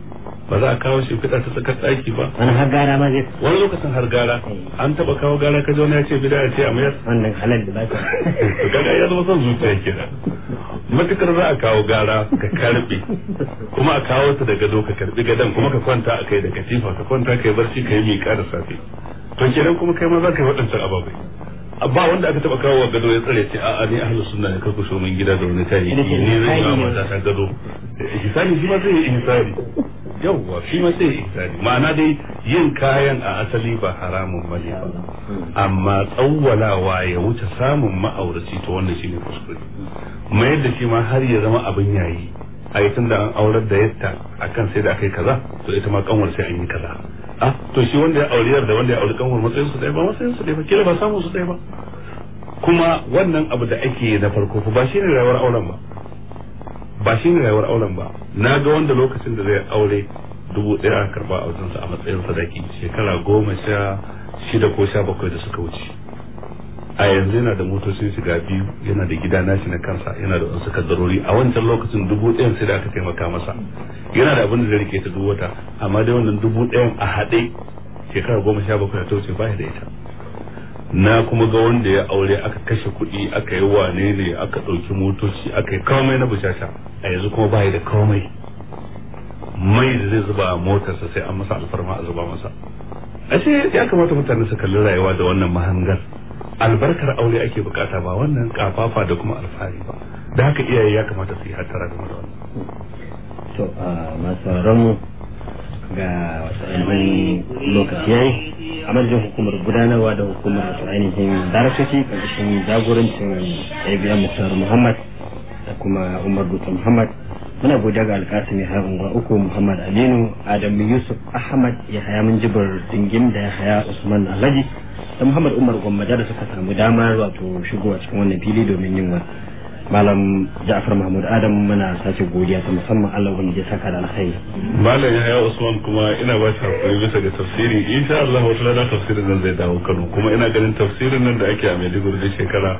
ba za a kawo shi fita ta tsakar daki ba wani har gara ma zai wani lokacin har gara an taba kawo gara ka wani ya ce bida ya ce a mayar wannan halal da ba ka kaga ya zama son zuciya kenan matukar za a kawo gara ka karbe kuma a kawo ta da gado ka karbi gadon kuma ka kwanta a kai da katifa ka kwanta kai barci kai miƙa da safe to kenan kuma kai ma za ka yi waɗancan ababai ba wanda aka taba kawo gado ya tsare ce a'a ni ahlus sunna ne karku min gida da wani tayi ni zai yi mata ta gado hisani shi ma zai yi hisani yawwa shi ma sai iftari ma'ana dai yin kayan a asali ba haramun bane ba amma tsawwalawa ya wuce samun ma'auraci to wannan shine kuskure mayar yadda shi ma har ya zama abin yayi a yi tun da an aurar da yatta akan sai da aka yi kaza to ita ma kanwar sai an yi kaza a ah, to shi wanda ya auriyar da wanda ya auri kanwar matsayin su ɗaya ba matsayin su ɗaya ba kila ba samun su ɗaya ba kuma wannan abu da ake na farko ba shi rayuwar auren ba ba shi ne rayuwar auren ba na ga wanda lokacin da zai aure dubu ɗaya a karba a wajensa a matsayin sadaki shekara goma sha shida ko sha bakwai da suka wuce a yanzu yana da motocin shiga biyu yana da gida nashi na kansa yana da wasu kaddarori a wancan lokacin dubu ɗayan sai da aka taimaka masa yana da abin da zai rike ta duk wata amma dai wannan dubu ɗayan a haɗe shekara goma sha bakwai ta wuce ba da ita na kuma ga wanda ya aure aka kashe kuɗi aka yi wane ne aka ɗauki motoci aka yi komai na bushasha a yanzu kuma bayi da komai mai da zai zuba motarsa sai an masa alfarma a zuba masa ce ya kamata mutane su kalli rayuwa da wannan mahangar albarkar aure ake bukata ba wannan kafafa da kuma alfahari ba da haka iyaye ya kamata su yi hattara game da wannan to a masu ga wasu ainihin lokaci yayi a madadin hukumar gudanarwa da hukumar su ainihin darasoci karkashin jagorancin abm muktar muhammad da kuma umar dutse muhammad muna godiya ga alkasimi harin ga uku muhammad aminu adamu yusuf ahmad ya haya min jibar dingim da ya haya usman alhaji da muhammad umar gwamnati da suka samu damar wato shigowa cikin wannan fili domin yin wani malam ja'far mahmud adam muna sace godiya ta musamman allah wani ya saka da alkhairi malam yahya usman kuma ina ba shi hakuri bisa ga tafsiri insha allah wata da tafsirin nan zai dawo kano kuma ina ganin tafsirin nan da ake a maiduguri da shekara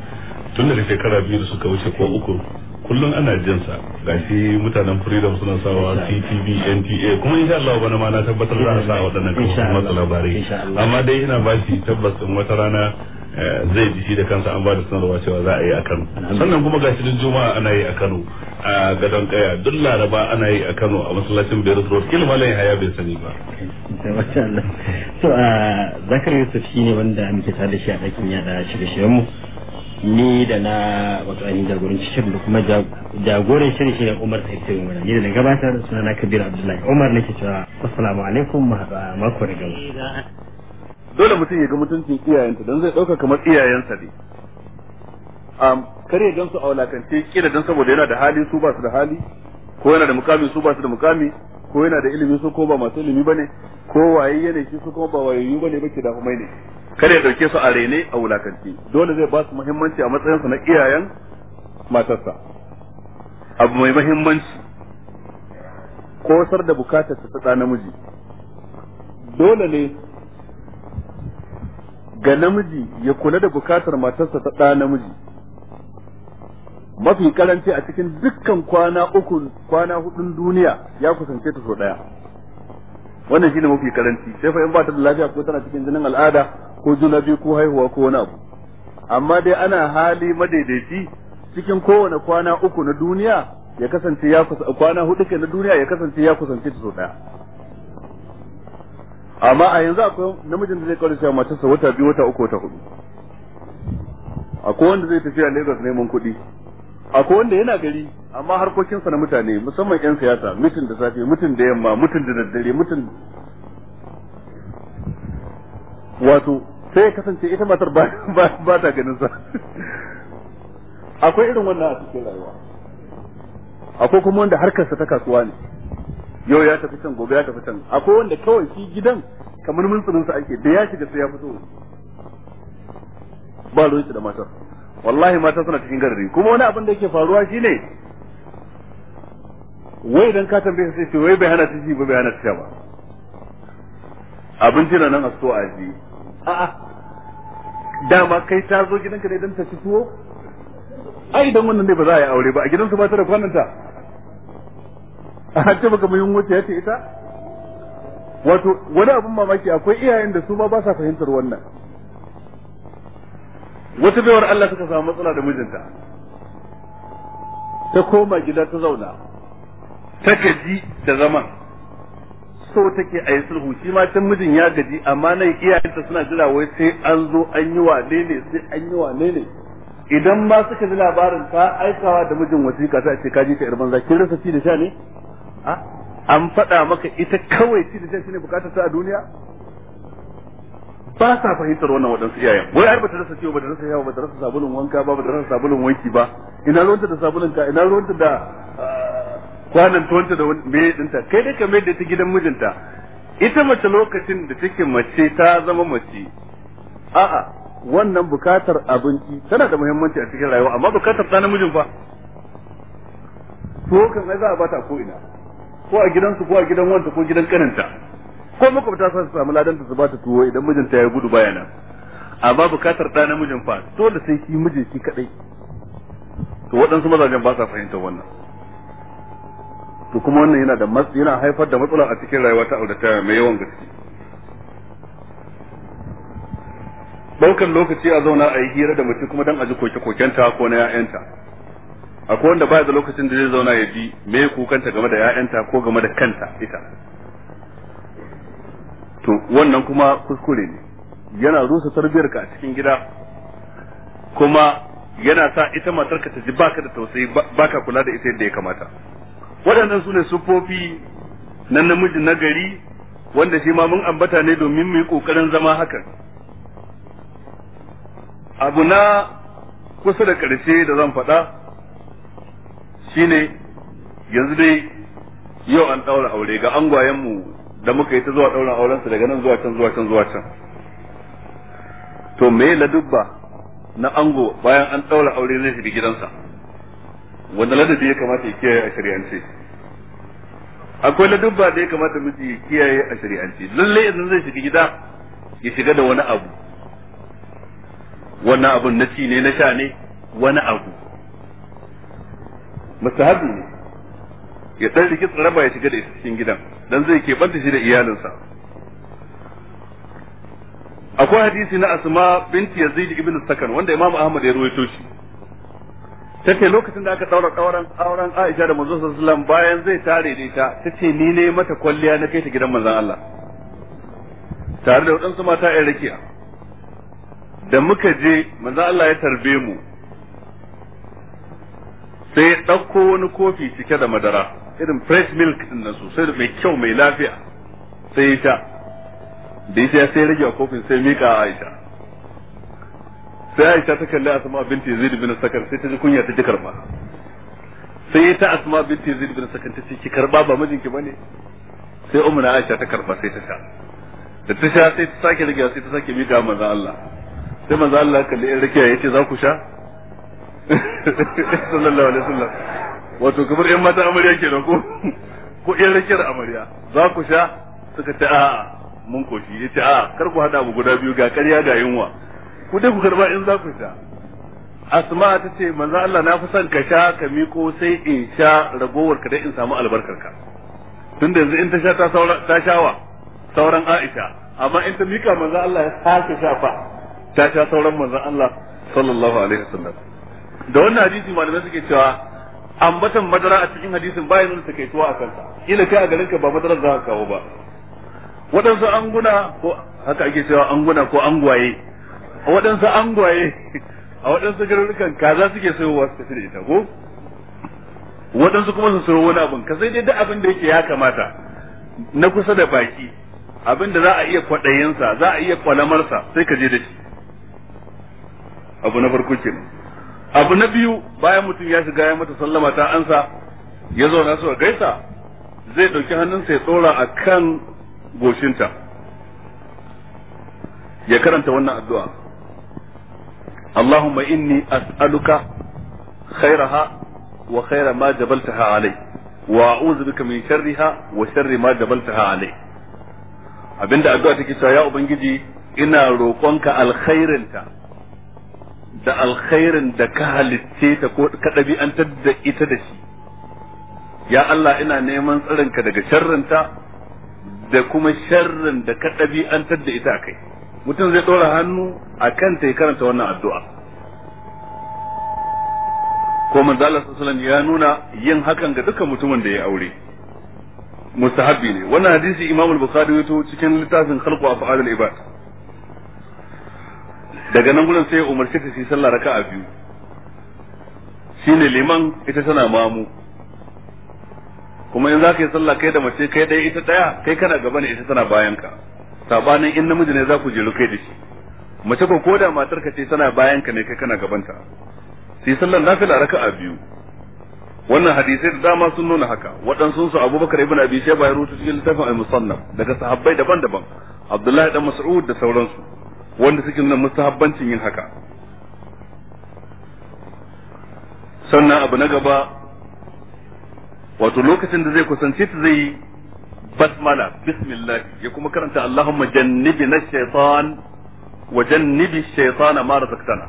tun da shekara biyu da suka wuce ko uku kullum ana jin sa gashi mutanen freedom suna sawa CTV NTA kuma insha Allah bana ma na tabbatar za a sa waɗannan kuma labarai amma dai ina ba shi in wata rana Eh, zai ji shi da kansa an ba da sanarwa cewa za a yi a Kano sannan kuma ga shirin juma'a ana yi a Kano a gadon kaya duk laraba ana yi a Kano a masallacin Beirut Road kin malai haya bai sani ba masha Allah to a uh, Zakar Yusuf shine wanda muke tare da shi a dakin yada shirye-shiryen mu ni da na wato ainihin jagoran shirin da kuma jagoran shirin shi Umar Saifin wani ni da na gabatar suna na Kabir Abdullahi Umar nake cewa assalamu alaikum ma'a mako da gaba dole mutum ya ga mutuncin iyayenta don zai ɗauka kamar iyayensa ne kare don su a wulakance kila don saboda yana da hali su ba su da hali ko yana da mukami su ba su da mukami ko yana da ilimi su ko ba masu ilimi bane ko waye ne shi su kuma ba wayayyu bane ba ke da kuma ne kare ya dauke su a rene a wulakance dole zai ba su muhimmanci a matsayin su na iyayen matarsa abu mai muhimmanci kosar da bukatarsa ta tsada namiji dole ne ga namiji ya kula da bukatar matarsa ta ɗa namiji mafi karanci a cikin dukkan kwana uku kwana hudun duniya ya kusance ta so daya wannan shine mafi karanci sai fa in ba ta da lafiya ko tana cikin jinin al'ada ko juna biyu ko haihuwa ko wani abu amma dai ana hali madaidaici cikin kowane kwana uku na duniya ya kasance ya kusa kwana hudu ke na duniya ya kasance ya kusance ta so daya amma a yanzu akwai namijin da zai kaura cewa matarsa wata biyu wata uku wata hudu akwai wanda zai tafiya Lagos neman kuɗi akwai wanda yana gari amma harkokinsa na mutane musamman 'yan siyasa mutum da safe mutum da yamma mutum da daddare mutum wato sai ya kasance ita matar ba ta ganin sa akwai irin wannan a cikin rayuwa akwai kuma wanda harkarsa ta kasuwa ne yau ya tafi can gobe ya tafi can akwai wanda kawai shi gidan kamar mun sa ake da ya shiga sai ya fito ba ruwanci da matar wallahi mata suna cikin garari kuma wani abin da yake faruwa shine wai idan ka tambaye sai ce wai bai hana ta ji ba bai hana ta ba abinci na nan a so a ji a'a dama kai ta zo gidanka ne idan ta ci tuwo ai idan wannan ne ba za a yi aure ba a gidansu ba ta da kwananta a hajji baka mai wuce ya ce ita wato wani abin mamaki akwai iyayen da su ma ba sa fahimtar wannan wata baiwar Allah suka samu matsala da mijinta ta koma gida ta zauna ta gaji da zaman so take a yi sulhu shi ma can mijin ya gaji amma nan iyayenta suna jira wai sai an zo an yi wane ne sai an yi wane ne idan ma suka ji labarin ta aikawa da mijin wasiƙa ta ce ji ta irban za kin rasa shi da sha ne an faɗa maka ita kawai ci da shi ne bukatar ta a duniya ba sa fahimtar wannan waɗansu iyayen wai ai bata rasa ciwo bata rasa yawa bata rasa sabulun wanka ba bata rasa sabulun wanki ba ina ruwanta da sabulun ka ina ruwanta da ah, kwanan tuwanta da me dinta kai dai ka mai da ta gidan mijinta ita mace lokacin da take mace ta zama mace a'a wannan bukatar abinci tana da muhimmanci a cikin rayuwa amma bukatar ta namijin fa to kan ai za a bata ko ina ko a gidansu ko a gidan wanta ko gidan kaninta ko makwabta sa su samu ladan su ba ta tuwo idan mijinta ya gudu bayana amma bukatar ɗa namijin fa dole sai shi mijin shi kadai to waɗansu mazajen ba sa fahimtar wannan to kuma wannan yana da yana haifar da matsala a cikin rayuwa ta aurata mai yawan gaske daukan lokaci a zauna a yi hira da mutum kuma dan a ji koke-kokenta ko na 'ya'yanta akwai wanda baya da lokacin da zai zauna ya ji me kukanta game da 'ya'yanta ko game da kanta ita to wannan kuma kuskure ne yana rusa tarbiyar a cikin gida kuma yana sa ita matarka ta ji baka da tausayi baka kula da ita yadda ya kamata waɗannan su ne siffofi na namiji na gari wanda shi ma mun ambata ne domin mu yi ƙoƙarin zama hakan abu na kusa da ƙarshe da zan faɗa shine yanzu dai yau an daura aure ga angwayenmu da muka yi ta zuwa daura auren su daga nan zuwa can zuwa can zuwa can to me ladubba na ango bayan an daura aure zai shiga gidansa wanda ladabi ya kamata ya kiyaye a shari'ance akwai ladubba da ya kamata miji ya kiyaye a shari'ance lalle idan zai shiga gida ya shiga da wani abu wannan abun na ci ne na sha ne wani abu mustahabi ne ya dan riki raba ya shiga da ita cikin gidan dan zai banta shi da iyalinsa akwai hadisi na asma binti yazid ibn sakan wanda imam ahmad ya ruwaito shi tace lokacin da aka daura auren auren aisha da manzo sallallahu alaihi wasallam bayan zai tare da ita tace ni ne mata kwalliya na kai ta gidan manzon Allah tare da wadansu mata ƴan rakiya da muka je manzon Allah ya tarbe mu sai ya ɗauko wani kofi cike da madara irin fresh milk din nan sosai da mai kyau mai lafiya sai ya sha da ya sai rage a kofin sai mika a Aisha sai Aisha ta kalli Asma binti Yazid bin Sakar sai ta ji kunya ta ji karba sai ta Asma binti Yazid bin Sakar ta ce ki karba ba mijinki bane sai Umma Aisha ta karba sai ta sha da ta sha sai ta sake rage sai ta sake mika manzo Allah sai manzo Allah kalli in rakiya yace za ku sha sallallahu alaihi wasallam wato kamar yan mata amarya da ko ko yan rakiyar amarya za ku sha suka ce a'a mun koshi yace a'a kar ku hada abu guda biyu ga ƙarya ga yunwa ku dai ku karba in za ku sha asma ta ce manzo Allah na fi son ka sha ka miko sai in sha ragowar ka dai in samu albarkar ka tunda yanzu in ta sha ta saura ta shawa sauran Aisha amma in ta mika manzo Allah ya sake sha fa ta sha sauran manzo Allah sallallahu alaihi wasallam da wannan hadisi malamai suke cewa ambatan madara a cikin hadisin bayan nuna takaituwa a kanta ila kai a garin ka ba madarar za ka kawo ba waɗansu anguna ko haka ake cewa anguna ko angwaye a waɗansu angwaye a waɗansu garurukan kaza suke sayo wasu tafi da ita ko waɗansu kuma su sayo wani abin ka sai dai duk abin da yake ya kamata na kusa da baki abin da za a iya kwaɗayinsa za a iya kwalamarsa sai ka je da shi abu na farko kenan abu na biyu bayan mutum ya shiga ya mata sallama ta ansa ya zauna su gaisa zai ɗauki hannunsa ya tsora a kan goshinta ya karanta wannan addu'a Allahumma inni as'aluka khairaha wa khaira ma jabaltaha alai wa a'udhu bika min sharriha wa sharri ma jabaltaha alai abinda addu'a take cewa ya ubangiji ina roƙonka alkhairinta da alkhairin da ka halitte ta ko ka ɗabi'antar da ita da shi ya Allah ina neman tsarinka daga sharrinta da kuma sharrin da ka ɗabi'antar da ita kai mutum zai ɗora hannu a kan ta karanta wannan addu'a ko manzala sallallahu ya nuna yin hakan ga dukkan mutumin da ya aure mustahabbi ne wannan hadisi imamul bukhari ya cikin littafin khalqu af'alul ibad daga nan gudan sai Umar umarci ta shi sallah raka'a biyu shine liman ita tana mamu kuma in za ka yi sallah kai da mace kai ɗaya ita ɗaya kai kana gaba ne ita tana bayan ka sabanin in namiji ne za ku jeru kai da shi mace ko da matar ka ce tana bayan ka ne kai kana gabanta sai sallar nafila raka'a biyu wannan hadisai da dama sun nuna haka waɗansu su abubakar ibn abi shayba ya rubuta cikin littafin al-musannaf daga sahabbai daban-daban abdullahi dan mas'ud da sauransu wanda suke nuna mustahabbancin yin haka sannan abu na gaba wato lokacin da zai kusance ta zai basmala bismillah ya kuma karanta Allahumma jannibi na shaitan wa jannibi shaitana ma razaqtana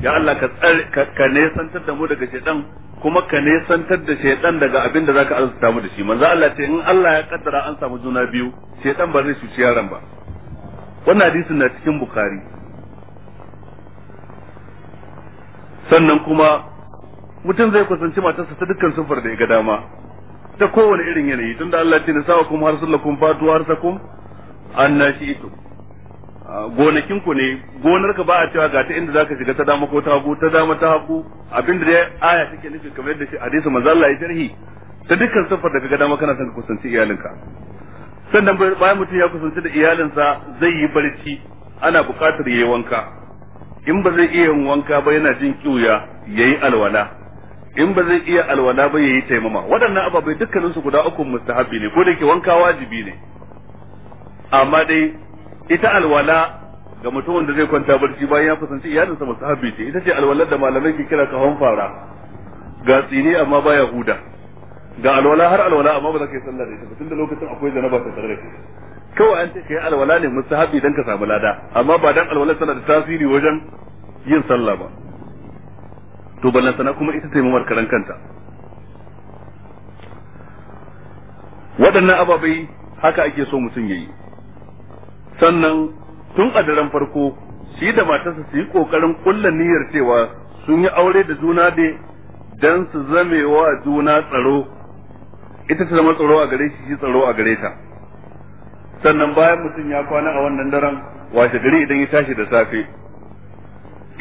ya Allah ka tsare ka nesantar da mu daga shaitan kuma ka nesantar da shaitan daga abin da zaka arzuta mu da shi manzo Allah ce in Allah ya kaddara an samu juna biyu shaitan ba zai cuci yaron ba wannan hadisin na cikin bukari sannan kuma mutum zai kusanci matarsa ta dukkan sufar da ya ga dama ta kowane irin yanayi tun da Allah ce na sawa kuma har sallakun fatu har sakun an na ito gonakin ku ne gonar ka ba a cewa ga ta inda zaka shiga ta dama ko ta hagu ta dama ta hagu abinda dai aya take nufi kamar yadda shi hadisi manzo Allah ya sharhi ta dukkan sufar da ka ga dama kana son ka kusanci iyalinka sannan bayan mutum ya kusanci da iyalinsa zai yi barci ana buƙatar yayi wanka in ba zai iya yin wanka ba yana jin ya yayi alwala in ba zai iya alwala ba yayi taimama waɗannan ababai dukkanin su guda uku mustahabi ne ko da ke wanka wajibi ne amma dai ita alwala ga mutumin da zai kwanta barci bayan ya kusanci iyalinsa mustahabi ce ita ce alwalar da malamai ke kira kahon fara ga tsini amma baya huda ga alwala har alwala amma ba za ka yi sallah da ita tun da lokacin akwai da na ba ta tare da kawai an ce ka yi alwala ne haɗi, dan ka samu lada amma ba dan alwala tana da tasiri wajen yin sallah ba to ballan sana kuma ita ce mamar karan kanta waɗannan ababai haka ake so mutum ya yi sannan tun a daren farko shi da matarsa su yi ƙoƙarin ƙulla niyyar cewa sun yi aure da juna da don su zame wa juna tsaro ita ta zama tsaro a gare shi shi tsaro a gare ta sannan bayan mutum ya kwana a wannan daren washe gari idan ya tashi da safe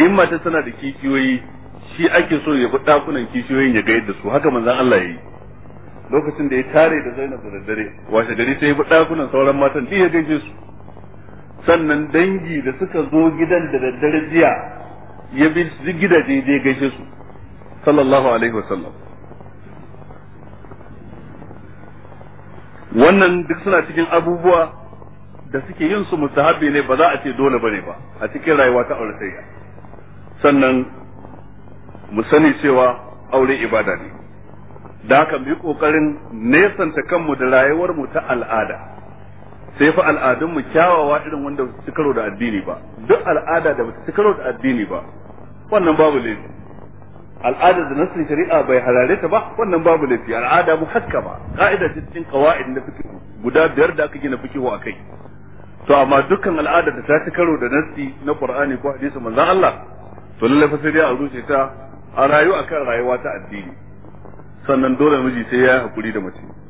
in mata tana da kishiyoyi shi ake so ya bi dakunan kishiyoyin ya gaida su haka manzon Allah ya yi lokacin da ya tare da Zainab da daddare washe gari sai ya bi dakunan sauran matan duk ya gaishe su sannan dangi da suka zo gidan da daddare jiya ya bi gidaje ya gaishe su sallallahu alaihi wasallam wannan duk suna cikin abubuwa da suke yin su mustahabi ne ba za a ce dole bane ba a cikin rayuwa ta sai sannan mu sani cewa aure ibada ne da haka mu yi kokarin nesanta kanmu da rayuwar mu ta al'ada sai fa al'adun mu kyawawa irin wanda su karo da addini ba duk al'ada da ba su karo da addini ba wannan babu laifi al'ada da nasin shari'a bai halare ta ba wannan babu laifi al'ada ba ka'ida ce cikin qawaid na fiqh guda biyar da aka gina fiqh akai to amma dukkan al'ada da ta ci karo da nasi na qur'ani ko hadisi manzon Allah to lalle fa sai dai a rushe ta a rayu akan rayuwa ta addini sannan dole miji sai ya hakuri da mace